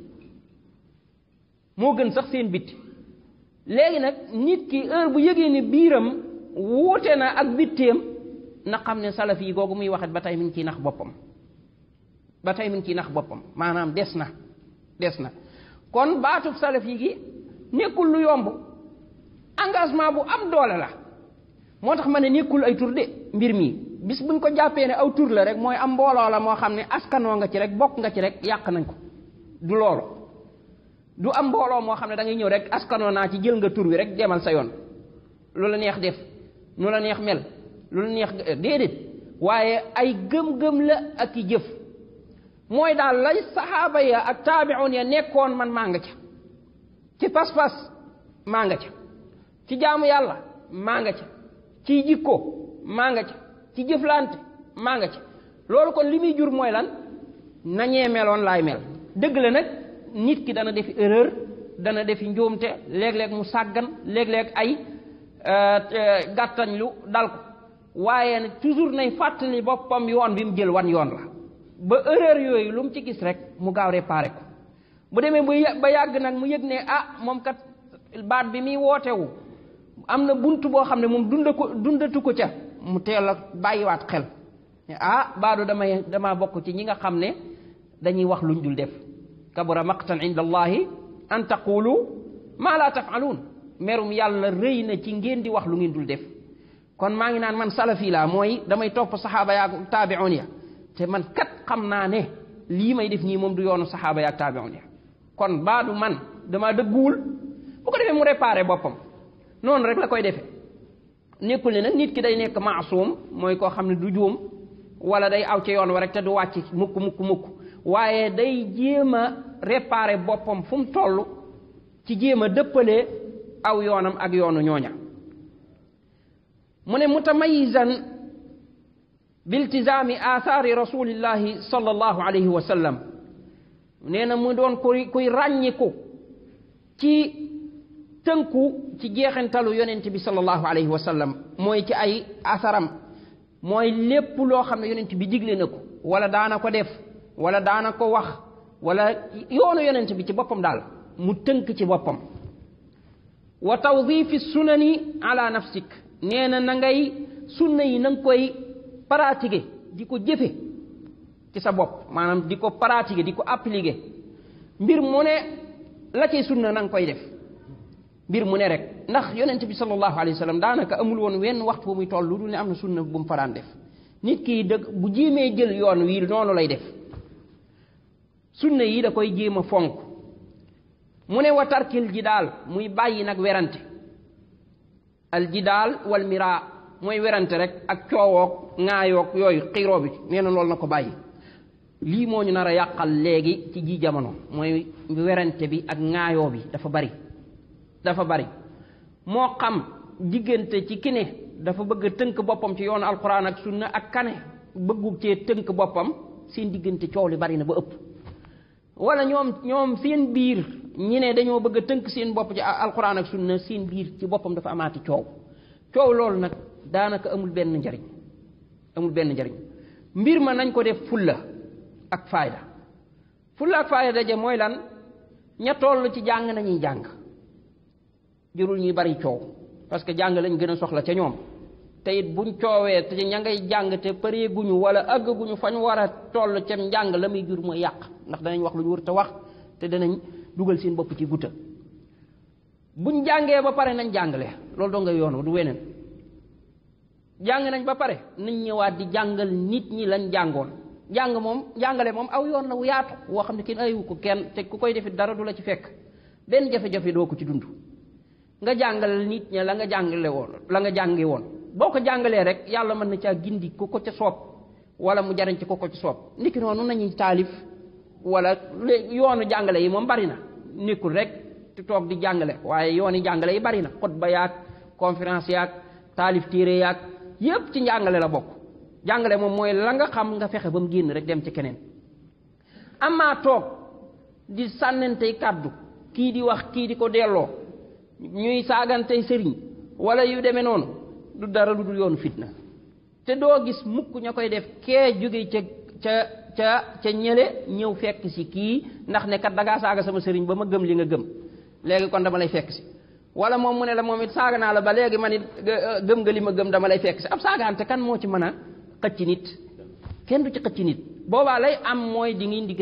moo gën sax seen bitti léegi nag nit ki heure bu yëgee ne biiram wuute na ak bitteem na xam ne salaf yi googu muy waxat ba tey mi ngi ciy nax boppam ba tey mi ngi ciy nax boppam maanaam des na des na kon baatub salaf yi gi nekkul lu yomb engagement bu am doole la motax mané nekul ay tour dé mbir mi bis buñ ko jappé né aw tour la rek moy am mbolo la mo xamné askano nga ci rek bok nga ci rek yak nañ ko du loolu du am mbolo mo xamné da ngay ñëw rek askano na ci jël nga tour wi rek démal sa yoon lu neex def nu la neex mel lu neex waaye ay gëm-gëm la ak jëf moy daal lay sahaba ya ak tabi'un ya nekkon man ma nga ci ci pas pass ma nga ci ci jaamu yalla ma nga ci ci jikko maa nga ci ci jëflante maa ci loolu kon li muy jur mooy lan nañee meloon laay mel dëgg la nag nit ki dana def erreur dana defi njuumte léeg-léeg mu sàggan léeg-léeg ay euh, euh, gàttañ lu dal ko waaye nag toujours nay fàttali boppam yoon bi mu jël wan yoon la ba erreur yooyu lu mu ci gis rek mu gaaw réparé ko bu demee ba yàgg nag mu yëg ne ah moom kat baat bi muy wootewu am na bunt boo xam ne moom dunda ko dundatu ko ca mu teel bàyyi waat xel ah baadu damay damaa bokk ci ñi nga xam ne dañuy wax luñ dul def kabura maqtan inda allahi an taqulu maa laa tafaluun merum yàlla rëy na ci ngeen di wax lu ngeen dul def kon maa ngi naan man salafi laa mooy damay topp saxaaba yaag taabiun ya te man kat xam naa ne lii may def nii moom du yoonu saxaaba yaag taabiun ya kon baadu man dama dëgguwul bu ko defee mu réparé boppam noonu rek la koy defee nekkul ne nag nit ki day nekk maasuum mooy koo xam ne du juum wala day aw ci yoon wa rek te du wàcc mukk mukk mukk waaye day jéem a réparer boppam fu mu toll ci jéem a dëppalee aw yoonam ak yoonu ñooña mu ne mutamayizan biltizaami aathaari rasulillahi sallallahu alayhi wa sallam nee na mu doon kuy kuy ràññiku ci tënku ci jeexantalu yonent bi sallallahu alayhi wa sallam mooy ci ay asaram mooy lépp loo xam ne yonent bi digle na ko wala daana ko def wala daana ko wax wala yoonu yonent bi ci boppam daal mu tënk ci boppam wa tawdifi sunani ala nafsik nee na na ngay sunna yi na koy pratiquer di ko jëfe ci sa bopp maanaam di ko pratiquer di ko appliquer mbir mu ne la ci sunna na nga koy def mbir mu ne rek ndax yonent bi sallallahu alayhi wasallam daanaka amul woon wenn waxtu bu muy toll lu dul ne am na sunna bu mu faraan def nit ki dëgg bu jéemee jël yoon wii noonu lay def sunna yi da koy jéem a fonk mu ne wa tarkil jidaal muy bàyyi nag werante al jidaal wal mira mooy werante rek ak coowoog ŋaayoog yooyu xiiroo bi nee na loolu na ko bàyyi lii moo ñu nar a yàqal léegi ci ji jamono mooy werante bi ak ŋaayoo bi dafa bari dafa bari moo xam diggante ci kine dafa bëgg tënk boppam ci yoon alquran ak sunna ak kane bëggu cee tënk boppam seen diggante coow li bari na ba ëpp walla ñoom ñoom seen biir ñi dañoo bëgg tënk seen bopp ci alquran ak sunna seen biir ci boppam dafa amaati coow coow loolu nag daanaka amul benn njariñ amul benn njariñ mbir ma nañ ko def fulla ak faayda fulla ak faayda daje mooy lan ña toll ci jàng nañuy jàng jurul ñi bari pas parce que jang lañu gëna soxla ci ñom te it buñ ciowé te ña ngay jang te paré guñu wala ag guñu fañ wara toll ci jang la muy jur mo yaq ndax dañ wax lu ñu wax te dañ dugal seen bop ci guta buñ jangé ba paré nañ jangalé lool do nga yoon du wénen jang nañ ba pare nañ ñëwaat di jangal nit ñi lañ jàngoon jang mom jàngale mom aw yoon la wu yaatu wo xamni ne ayu ko kenn te ku koy defit dara du la ci fekk ben jafé jafé do ko ci dundu nga janggal nit ñi la nga jangale won la nga jàngi won boko ko rek yalla mën na gindi ko ko ca soob wala mu jariñ ci ko ko ci soob niki nonu nañu talif wala yoonu jàngale yi mom bari na rek te tok di jàngale waye yooni jàngale yi bari na xot ba conférence yak talif téere yak yépp ci njàngale la bok jàngale mom moy la nga xam nga fexé bam genn rek dem ci kenen amma tok di sànnante kaddu ki di wax ki di ko delo ñuy saagante sëriñ wala yu deme noonu du dara lu dul yoon fitna te doo gis mukk ña koy def kee jóge ca ca ca ca ñële ñëw fekk si kii ndax ne kat da ngaa saaga sama sëriñ ba ma gëm li nga gëm léegi kon dama lay fekk si wala moom mu ne la moom it saaga naa la ba léegi man it gëm nga li ma gëm dama lay fekk si ab saagaante kan moo ci mën a xëcc nit kenn du ci xëcc nit boobaa lay am mooy di ngi di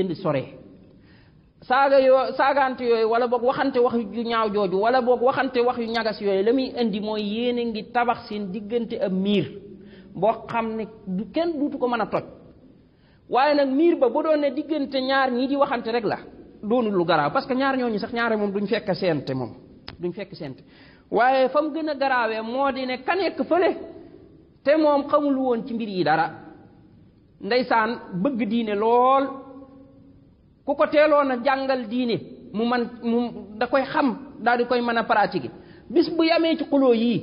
saaga yoo saagaante yooyu wala boog waxante wax yu ñaaw jooju wala boog waxante wax yu ñagas yooyu la muy indi mooy yéene ngi tabax seen diggante ak miir boo xam ne du kenn duutu ko mën a toj waaye nag miir ba bu doon ne diggante ñaar ñii di waxante rek la doonul lu garaaw parce que ñaar ñooñu sax ñaari moom duñ fekk seente moom duñ fekk seente waaye fa mu gën a garaawee moo di ne ka nekk fële te moom xamul woon ci mbir yi dara ndeysaan bëgg diine lool ku ko teeloon a jàngal diine mu man mu da koy xam daal di koy mën a pratique bis bu yamee ci xuloo yii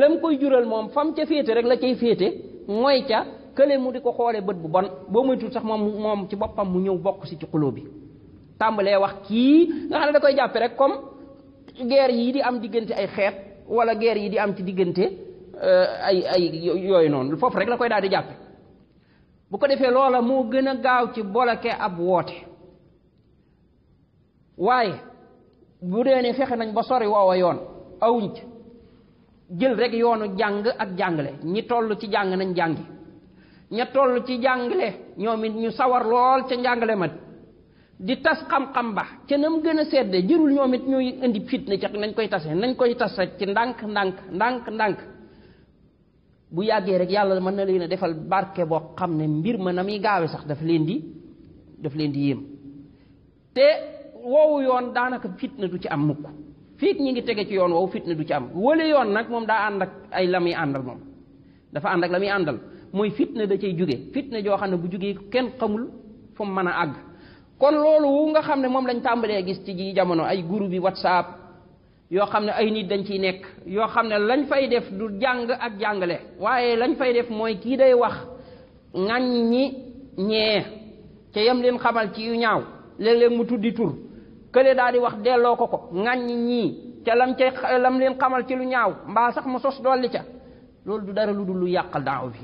lam koy jural moom fam ca féete rek la cay féete mooy ca kële mu di ko xoolee bët bu bon boo tut sax moom moom ci boppam mu ñëw bokk si ci xuloo bi tàmbalee wax kii nga xam ne da koy jàppe rek comme guerre yi di am diggante ay xeet wala guerre yi di am ci diggante euh, ay ay yooyu noonu foofu rek la koy daal di jàppe bu ko defee loola moo gën a gaaw ci bolake ab woote waaye bu dee ne fexe nañ ba sori woowa yoon awuñ jël rek yoonu jàng ak jàngale ñi toll ci jàng nañ jàngi ña toll ci jàngale ñoom ñu sawar lool ca njàngale ma di tas xam-xam ba ca nam gën a sedde jërul ñoom it ñuy indi fitna ca nañ koy tase nañ koy tas ci ndànk ndànk ndànk ndànk bu yàggee rek yàlla mën na leen defal barke boo xam ne mbir ma na muy gaawe sax dafa leen di daf leen di yéem te woowu yoon daanaka fitna du ci am mukk fii ñi ngi tege ci yoon fit fitna du ci am wële yoon nag moom daa ànd ak ay la muy àndal moom dafa ànd ak la muy àndal mooy fitna da cay jóge fitna joo xam ne bu jógee kenn xamul fu mu mën a àgg kon loolu nga xam ne moom lañ tàmbalee gis ci ji jamono ay groupe bi whatsapp yoo xam ne ay nit dañ ciy nekk yoo xam ne lañ fay def du jàng ak jàngale waaye lañ fay def mooy kii day wax ŋañ ñi ñee ca yam leen xamal ci yu ñaaw léeg-léeg mu tuddi tur kele daal di wax delloo ko ko ŋàññ ñii ca lam ca lam leen xamal ci lu ñaaw mbaa sax mu sos dolli ca loolu du dara lu lu yàqal bi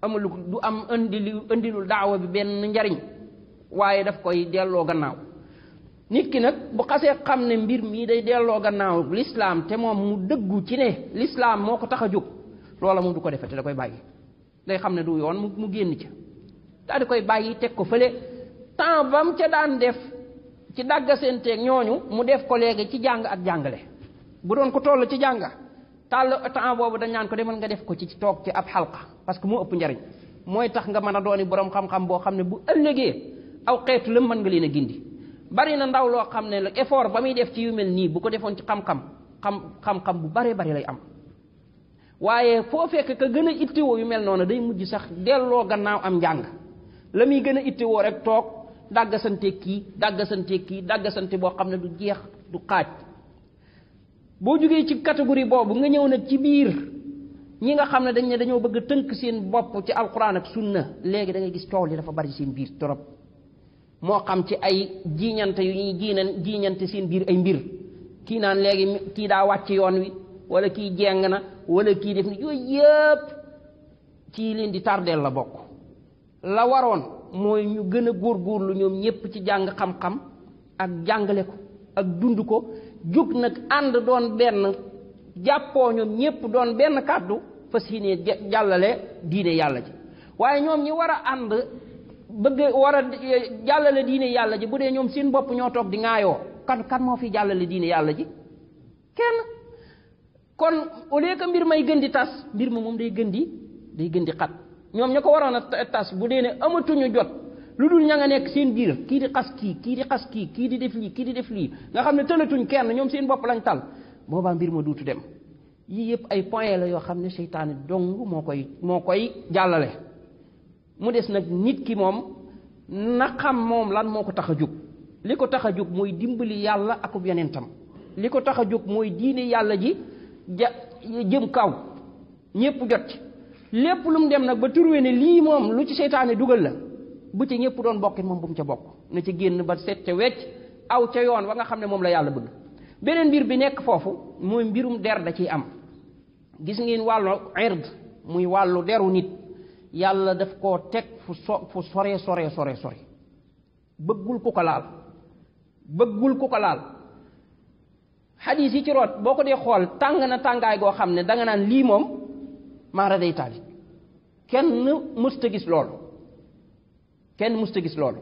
amul du am indi indilul daawa bi benn njariñ waaye daf koy delloo gannaaw nit ki nag bu xasee xam ne mbir mii day delloo gannaaw lislaam te moom mu dëggu ci ne lislaam moo ko tax a jóg loola moom du ko defete da koy bàyyi day xam ne du yoon mu génn ca di koy bàyyi teg ko fële temps bam ca daan def ci dàggasenteeg ñooñu mu def ko léegi ci jàng ak jàngale bu doon ko toll ci jàng tàll temps boobu dañ naan ko demal nga def ko ci toog ci ab xalqa parce que moo ëpp njariñ mooy tax nga mën a dooni borom xam-xam boo xam ne bu ëllëgee aw xeet lëm mën nga leen a gindi bari na ndaw loo xam ne la effort ba muy def ci yu mel nii bu ko defoon ci xam-xam xam xam-xam bu baree bari lay am waaye foo fekk ka gën a ittewoo yu mel noonu day mujj sax delloo gannaaw am njàng la muy gën a ittewoo rek toog Dagasan teki, dagasan teki, dagasan bo xamne du jeex du xaj bo joge ci catégorie bobu nga ñew nag ci bir ñi nga xamne dañ ne dañu bëgg teunk seen bop ci alquran ak sunna legi da ngay gis tool yi dafa bari seen bir torop mo xam ci ay jiiñante yu ñi jiñan jiiñante seen bir ay mbir ki naan legi ki da wacc yoon wi wala ki jeng na wala ki def ni yooyu ci leen di tardel la bok la mooy ñu gën a góorgóorlu ñoom ñépp ci jàng xam-xam ak jàngale ko ak dund ko jóg nag ànd doon benn jàppoo ñoom ñépp doon benn kàddu fas jallale jàllale diine yàlla ji waaye ñoom ñi war a ànd bëgg war a eh, jàllale diine yàlla ji bu dee ñoom seen bopp ñoo toog di kan kan moo fi jàllale diine yàlla ji kenn kon au lieu que mbir may gën di tas mbir ma moom day gën di day gën xat ñom ñako atas waroon tas bu deene amatu ñu jot lu dul ña nga nekk seen bir ki di xass ki ki di xass ki ki di def li ki di def li nga xamne ne kenn ñom seen bop lañ tal boba mbir mo dutu dem yi yep ay point la yo xamne ne dong mo koy mo koy jallale mu dess nak nit ki mom na xam mom lan moko taxajuk liko taxajuk moy dimbali yalla ak yonentam yenentam liko taxajuk moy diine yalla ji jëm kaw ñepp jot ci lépp lu mu dem nag ba turwe ne lii moom lu ci seytaane dugal la bu ci ñëpp doon bokkit moom bu mu ca bokk na ca génn ba set ca wecc aw ca yoon wa nga xam ne moom la yàlla bëgg beneen mbir bi nekk foofu mooy mbirum der da ciy am gis ngeen wàllu ird muy wàllu deru nit yàlla def koo teg fu so fu sore sore sore sore bëggul ku ko bëggul ku ko laal xadiis yi ci root boo ko dee xool tàng na tàngaay goo xam ne danga naan lii moom maara day tali kenn musta gis loolu kenn musta gis loolu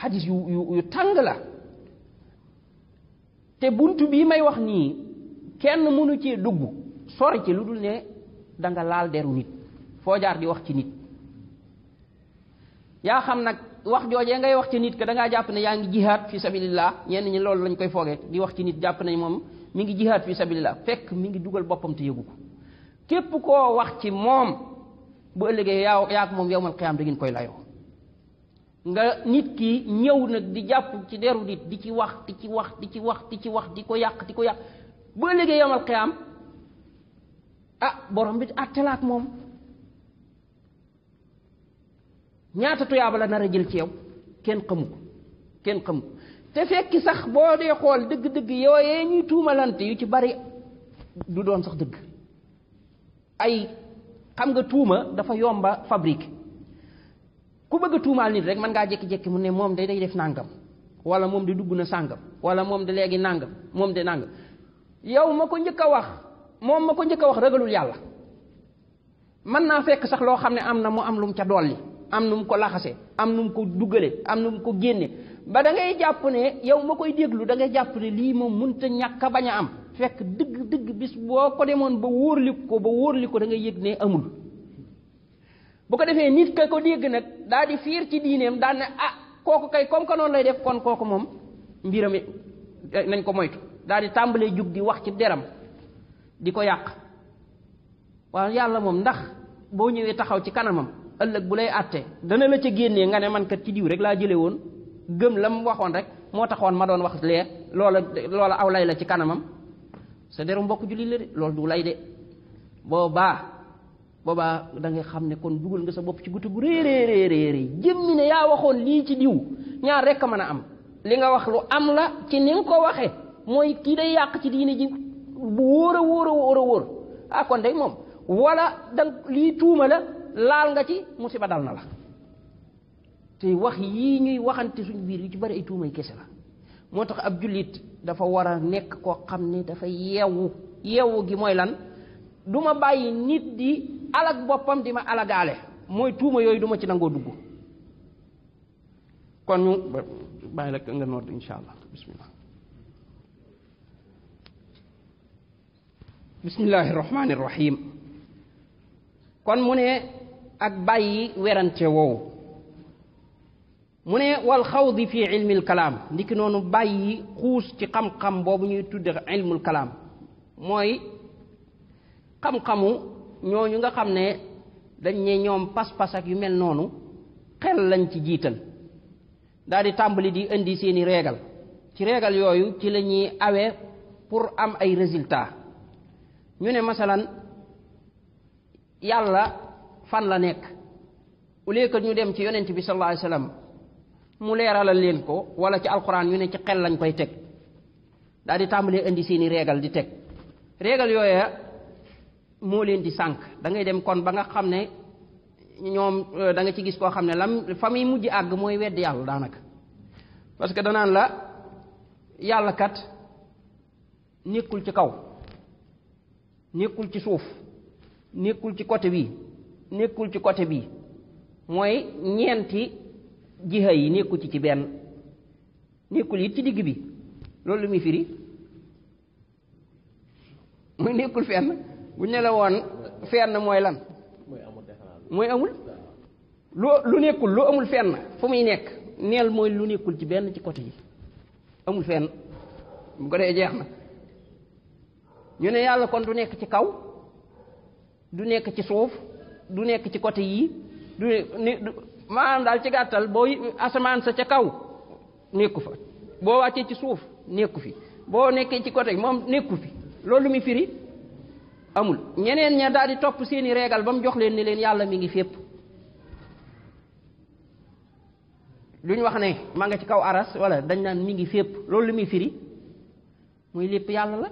xadis yu yu yu tàng la te buntu bii may wax nii kenn munu cee dugg sori ci lu ne da nga laal deru nit foo jaar di wax ci nit yaa xam nag wax joojee ngay wax ci nit ka da ngaa jàpp ne yaa ngi jihaat fi sabilillah ñenn ñi loolu lañ koy foogee di wax ci nit jàpp nañ moom mi ngi jihad fi sabilillah fekk mi ngi dugal boppam te yëgu ko képp koo wax ci moom bu ëllëgee yaa yaak moom yowmal qiyaam da ngeen koy layoo nga nit ki ñëw nag di jàpp ci deru nit di ci wax di ci wax di ci wax di ci wax di ko yàq di ko yàq bu ëllëgee yowmal qiyaam ah borom bi attelaat moom ñaata tuyaaba la nar a jël ci yow kenn xamu ko kenn te fekki sax boo dee xool dëgg-dëgg yooyee ñuy tuumalante yu ci bari du doon sax dëgg ay xam nga tuuma dafa yomba fabrique ku bëgg a tuumaal nit rek mën ngaa jékki-jékki mu ne moom de day def nàngam wala moom de dugg na sàngam wala moom de léegi nàngam moom de nàngam yow ma ko njëkk a wax moom ma ko njëkk wax ragalul yàlla mën naa fekk sax loo xam ne am na mu am lum mu ca dolli am nu ko laxase am nu mu ko duggale am nu mu ko génne ba da ngay jàpp ne yow ma koy déglu dangay ngay jàpp ne lii moom mënta ñàkk a bañ a am fekk dëgg dëgg bis boo ko demoon ba wóorli ko ba wóorli ko da ngay yëg ne amul boo ko defee nit ka ko dégg nag daal di fiir ci diineem daal ne ah kooku kay comme que noonu lay def koon kooku moom mbiram eh, nañ ko moytu daal di tàmbalee jug di wax ci deram di ko yàq waaw yàlla moom ndax boo ñëwee taxaw ci kanamam ëllëg bu lay àttee dana la ci génnee nga ne man kat ci diw rek laa jële woon gëm la mu waxoon rek moo taxoon ma doon wax lee loola aw lay la ci kanamam sa deru mbokk jullit la de loolu du lay de boobaa boobaa dangay xam ne kon dugal nga sa bopp ci guddi gu réeréeréeréeréy jëmmi ne yaa waxoon lii ci diw ñaar rek a mën a am li nga wax lu am la ci ni ko waxee mooy kii day yàq ci diine ji bu wóor a wóor a wóor a ah, kon day moom walla da lii tuuma la laal nga ci musiba dal na la te wax yi ñuy waxante suñu biir yu ci bari ay tuumay kese la moo tax ab jullit dafa war a nekk koo xam ne dafa yewu yewu gi mooy lan du ma bàyyi nit di alag boppam di ma alagaale mooy tuuma yooyu du ma ci nangoo dugg kon ñu bàyyi la nga nodd insha allah bismillah bismillahi rahmani rahim kon mu ne ak bàyyi werante woowu mune wal khawd fi ilmil kalam niki nonu bayyi xuus ci xam-xam bobu ñuy tudde ilmul kalam moy xam-xamu ñooñu nga xamne ne dañ ñe ñom pas-pas ak yu mel nonu xel lañ ci jital di di indi seeni regal ci regal yoyu ci la awé pour am ay résultat ñu ne masalan yalla fan la nek ulé ko ñu dem ci yonent bi sallallahu alayhi wasallam mu leeralal leen ko wala ci alxuraan yu ne ci xel lañ koy teg daal di tàmbalee indi seeni réegal di teg réegal yooya moo leen di sànq da ngay dem kon ba nga xam ne ñoom euh, danga ci gis koo xam ne lam fa muy mujj àgg mooy wedd yàlla daanaka parce que danaan la yàlla kat nekkul ci kaw nekkul ci suuf nékkul ci côté bii nekkul ci côté bii mooy ñeenti jiha yi nekku ci ci benn nekkul it ci digg bi loolu lu muy firi muy nekkul fenn bu ñu la woon fenn mooy lan mooy amul lu lu nekkul lu amul fenn fu muy nekk neel mooy lu nekkul ci benn ci côté yi amul fenn bu dee jeex na ñu ne yàlla kon du nekk ci kaw du nekk ci suuf du nekk ci côté yii maanaam daal ci gàttal boo asamaan sa ca kaw nekku fa boo wàccee ci suuf nekku fi boo nekkee ci côté moom nekku fi loolu muy firi amul ñeneen ña daal di topp seeni reegal ba mu jox leen ni leen yàlla mu ngi fépp lu ñu wax ne ma nga ci kaw aras wala dañ naan mi ngi fépp loolu lu muy firi muy lépp yàlla la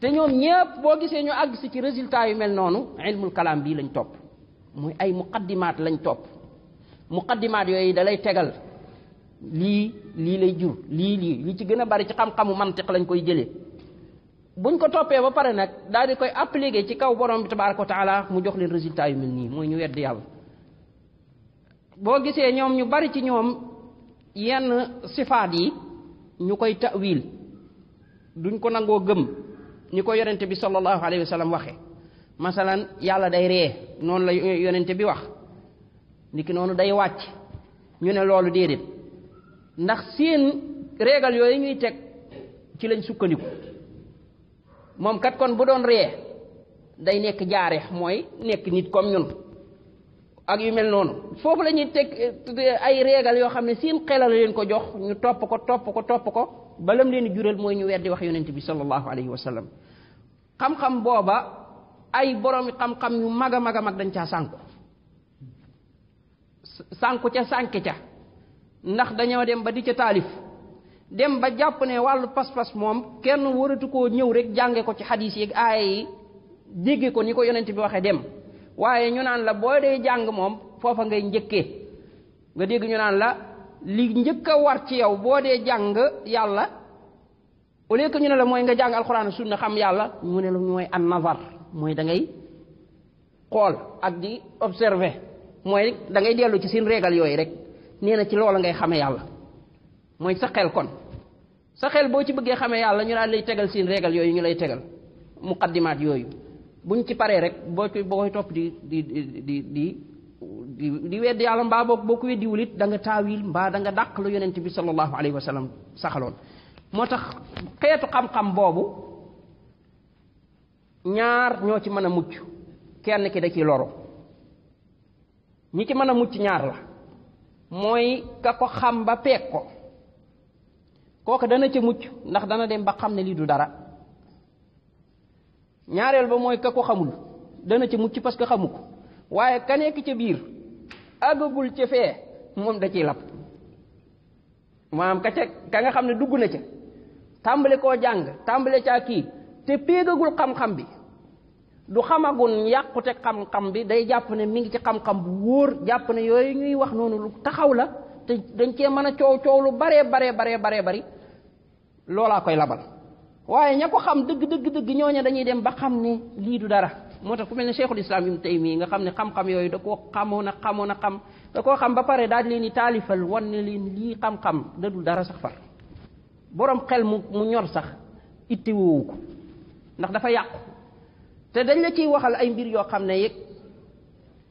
te ñoom ñépp boo gisee ñu àgg si ci résultat yu mel noonu ilmul kalaam bii lañ topp moy ay muqaddimat lañ top muqaddimat yoy dalay tegal li li lay jur li li li ci gëna bari ci xam-xamu mantiq lañ koy jëlé buñ ko topé ba paré nak dal di koy appliquer ci kaw borom bi tabaraku taala mu jox leen résultat yu mel ni moy ñu wedd yalla bo gisé ñom ñu bari ci ñom yenn sifaat yi ñu koy ta'wil duñ ko nango gëm ni ko bi sallallahu alaihi wasallam waxe masalaan yàlla day ree noonu la yonente bi wax niki noonu day wàcc ñu ne loolu déedéet ndax seen régal yooyu ñuy teg ci lañ sukkandiku moom kat kon bu doon ree day nekk jaareex mooy nekk nit comme ñun ak yu mel noonu foofu la ñuy teg eh, ay régal yoo xam ne seen xelal leen ko jox ñu topp ko topp ko topp ko balam leen jural mooy ñu weddi wax yonent bi sallallahu alayhi wa sallam xam-xam booba ay borom xam-xam yu maga maga mag dañ ca sànku sànku ca sanke ca ndax dañoo dem ba di ca taalif dem ba japp ne walu pas-pas mom, kenn waratu ko ñew rek jange ko ci xadis yeeg ay yi ko ni ko yonent bi waxe dem waaye ñu naan la boo dee jàng moom foofa ngay njëkkee nga dégg ñu naan la li njëkk a war ci yow boo dee jàng yàlla au lieu ñu ne la mooy nga jàng alquran sunna xam yàlla ñu ne la mooy an nazar mooy da ngay xool ak di observer mooy dangay dellu ci seen régal yooyu rek nee na ci loola ngay xame yàlla mooy sa xel kon sa xel boo ci bëggee xamee yàlla ñu daal lay tegal seen régal yooyu ñu lay tegal muqaddimaat yooyu buñ ci paree rek boo ci boo koy topp di di di di di di weddi yàlla mbaa boo ko weddi wulit da nga taawil mbaa danga nga dàq lu yonent bi sallallahu alayhi wa sallam saxaloon moo tax xeetu xam-xam boobu ñaar ñoo ci mën a mucc kenn ki da ci loro ñi ci mën a mucc ñaar la mooy ka ko xam ba peeg ko ka dana ca mucc ndax dana dem ba xam ne lii du dara ñaareel ba mooy ka ko xamul dana ca mucc parce que xamu ko waaye ka nekk ca biir agagul ca fee moom da ciy lab maanaam ka ca ka nga xam ne dugg na ca tàmbale koo jàng tàmbale caa kii te péegagul xam-xam bi du xamagun yàqute xam-xam bi day jàpp ne mi ngi ci xam-xam bu wóor jàpp ne yooyu ñuy wax noonu lu taxaw la te dañ cee mën a coow coow lu baree baree bare baree bari loolaa koy labal waaye ña ko xam dëgg dëgg dëgg ñooña dañuy dem ba xam ne lii du dara moo tax ku mel ne cheikhul islam ibnu mii nga xam ne xam-xam yooyu da koo xamoon a xamoon a xam da koo xam ba pare daal leen di taalifal wan ne leen lii xam-xam da dul dara sax far borom xel mu mu ñor sax itti woowu ko ndax dafa yàqu te dañ la ciy waxal ay mbir yoo xam ne yëg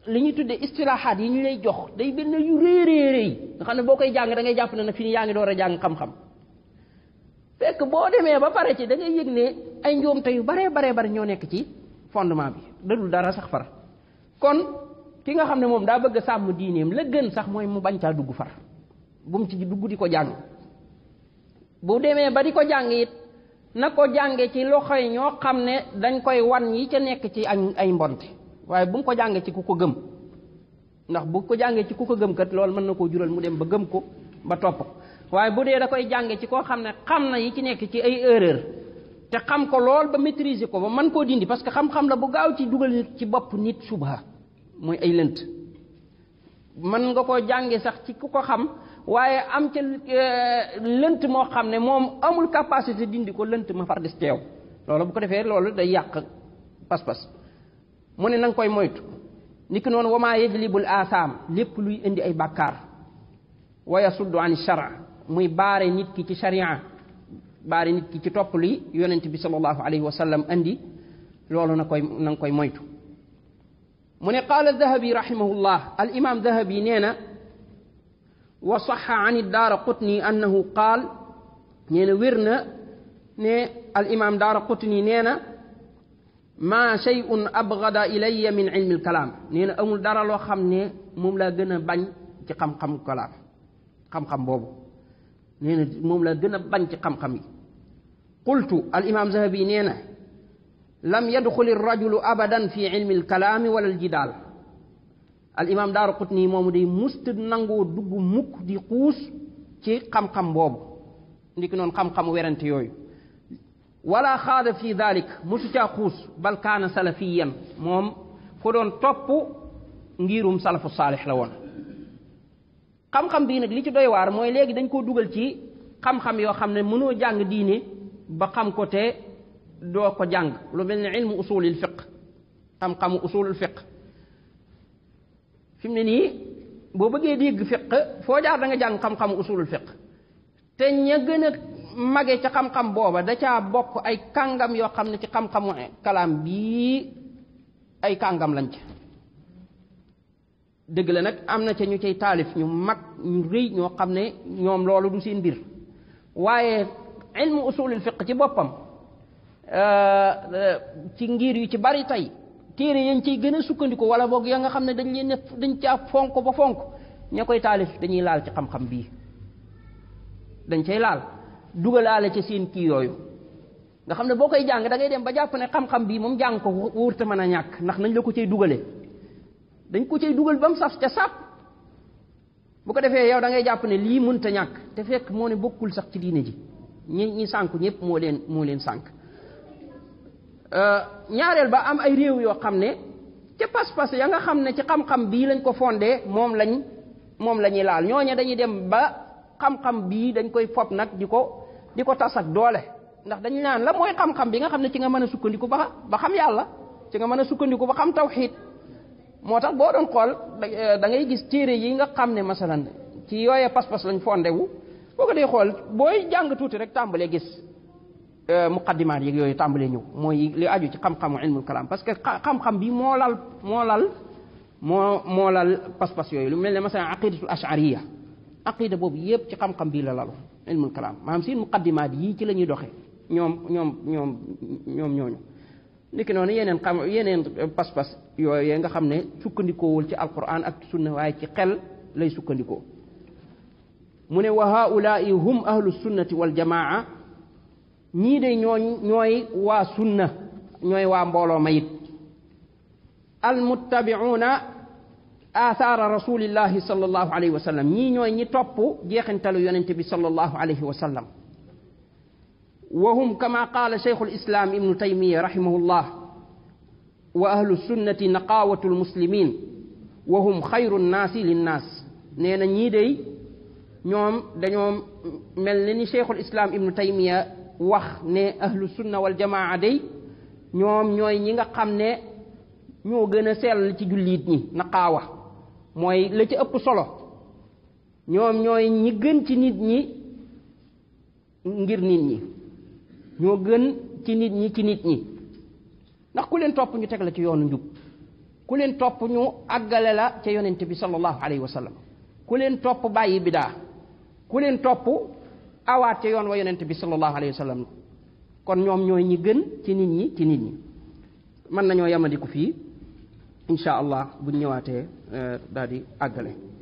li ñu tudde istilahaat yi ñu lay jox day benn yu rëy rëy rëy nga xam ne boo koy jàng da ngay jàpp ne nag fi ni yaa ngi door a jàng xam-xam fekk boo demee ba pare ci da ngay yëg ne ay njuumte yu bare bare bare ñoo nekk ci fondement bi dara sax far kon ki nga xam ne moom daa bëgg sàmm diineem la gën sax mooy mu bañ caa dugg far bu mu ci dugg di ko jàng bu demee ba di ko jàng na ko jànge ci loxo yi ñoo xam dañ koy wan yi ca nek ci ay mbonté waye bu ko jànge ci kuko gëm ndax bu ko ci kuko gëm kat lool man nako jural mu dem ba gëm ko ba top waye bu dé da koy jànge ci ko xam xamna yi ci nek ci ay erreur te xam ko lool ba maîtriser ko ba man ko dindi parce que xam-xam la bu gaaw ci dugal nit ci bop nit subha moy ay lënt man nga ko jànge sax ci kuko xam waaye am ca lënt moo xam ne moom amul capacité dindi ko lënt ma far des teew loolu bu ko defee loolu day yàq pas-pas mu ne na nga koy moytu niki noonu wama yajlibul asaam lépp luy indi ay bàkkaar wa yasuddu an shara muy baare nit ki ci sharia baare nit ki ci topp li yonent bi salallahu alayhi wa sallam andi loolu na koy na nga koy moytu mu ne qaala dahabi rahimahullah al imam dahabi nee na وصح عن الدار قطني أنه قال نين ورنا ني الإمام دار قطني نين ما شيء أبغض إلي من علم الكلام نين أمول دار الله خم موم مملا جنة باñ ci xam xam kalaam xam بوب نين مملا جنة moom la gën قلت الإمام ذهبي نين لم يدخل الرجل أبدا في علم الكلام ولا الجدال الإمام دار قطني مومو دي مستد نانغو دوغ موك دي قوس تي قام قام بوب نيك نون قام قام ويرنت يوي ولا خاد في ذلك مستا قوس بل كان سلفيا موم فودون توب نغيروم سلف الصالح لا وون قام قام بي نك لي تي دوي وار موي ليغي دنجكو دوغال تي قام قام يو خامني منو جانغ ديني با خام كوتي دوكو جانغ لو ملني علم اصول الفقه قام قام اصول الفقه fi mu ne nii boo bëggee dégg fiq foo jaar da nga jàng xam-xam usulul fiq te ña gën a mage ca xam-xam booba da ca bokk ay kàngam yoo xam ne ci xam-xamu kalaam bii ay kàngam lañ ci dëgg la nag am na ca ñu ciy taalif ñu mag ñu rëy ñoo xam ne ñoom loolu du seen mbir waaye ilmu usulul fiq ci boppam euh, euh, ci ngir yu ci bari tey téere yañ ciy gën a sukkandiku wala boog ya nga xam ne dañ leen dañ caa fonk ba fonk ña koy taalif dañuy laal ci xam-xam bii dañ cay laal dugalaale ci seen kii yooyu nga xam ne boo koy jàng dangay dem ba jàpp ne xam-xam bii moom jàng ko wóorte mën a ñàkk ndax nañ la ko cay dugale dañ ko cay dugal ba mu saf ca saf bu ko defee yow dangay jàpp ne lii mënta ñàkk te fekk moo ne bokkul sax ci diine ji ñi ñi sànk ñëpp moo leen moo leen sànk Euh, ñaareel ba am ay réew yoo xam ne ca pas-pas ya nga xam ne ci xam-xam bii lañ ko fonde moom lañ moom la ñuy laal ñooñu dañuy dem ba xam-xam bii dañ koy fob nag di ko di ko tas ak doole ndax dañ naan la mooy xam-xam bi nga xam ne ci nga mën a sukkandiku ba ba xam yàlla ci nga mën a sukkandiku ba xam tawxiid moo tax boo doon xool da euh, ngay gis téere yi nga xam ne masalan ci yooyee pas-pas lañ fondé wu boo ko dee xool booy jàng tuuti rek tàmbalee gis muqaddimaat yeeg yooyu tàmbalee ñëw mooy li aju ci xam-xamu ilmul kalaam parce que xam-xam bi moo lal moo lal moo moo lal pas-pas yooyu lu mel ne masalan aqidatul ashariya aqida boobu yépp ci xam-xam bii la lalu ilmul kalaam maanaam seen muqaddimaat yii ci la ñuy doxee ñoom ñoom ñoom ñoom ñooñu niki noonu yeneen xam yeneen pas-pas yooyu nga xam ne sukkandikoowul ci alquran ak sunna waaye ci xel lay sukkandikoo mu ne wa haulaai hum ahlu sunnati wal jamaa ñi de ñoy ñoy wa sunna ñoy wa mbolo mayit al muttabi'una athara rasulillah sallallahu alayhi wa sallam ñi ñoy ñi top jeexintalu yonent bi sallallahu alayhi wa sallam وهم كما قال شيخ الإسلام ابن تيمية رحمه الله وأهل السنة نقاوة المسلمين وهم خير الناس للناس نينا ني دي نيوم دا نيوم ملني شيخ الإسلام ابن تيمية wax ne ahlu sunna wal jamaa day ñoom ñooy ñi nga xam ne ñoo gën a sell ci julliit ñi naqaawa mooy la ci ëpp solo ñoom ñooy ñi gën ci nit ñi ngir nit ñi ñoo gën ci nit ñi ci nit ñi ndax ku leen topp ñu teg la ci yoonu njub ku leen topp ñu aggale la ca yonent bi sallallahu alayhi wa sallam ku leen topp bàyyi bidaa ku leen topp awaat ca yoon wa yonent bi sallallahu alayhi wa sallam kon ñoom ñooy ñi gën ci nit ñi ci nit ñi mën nañoo yamandiku fii incha allah buñ ñëwaatee euh, daal di àggale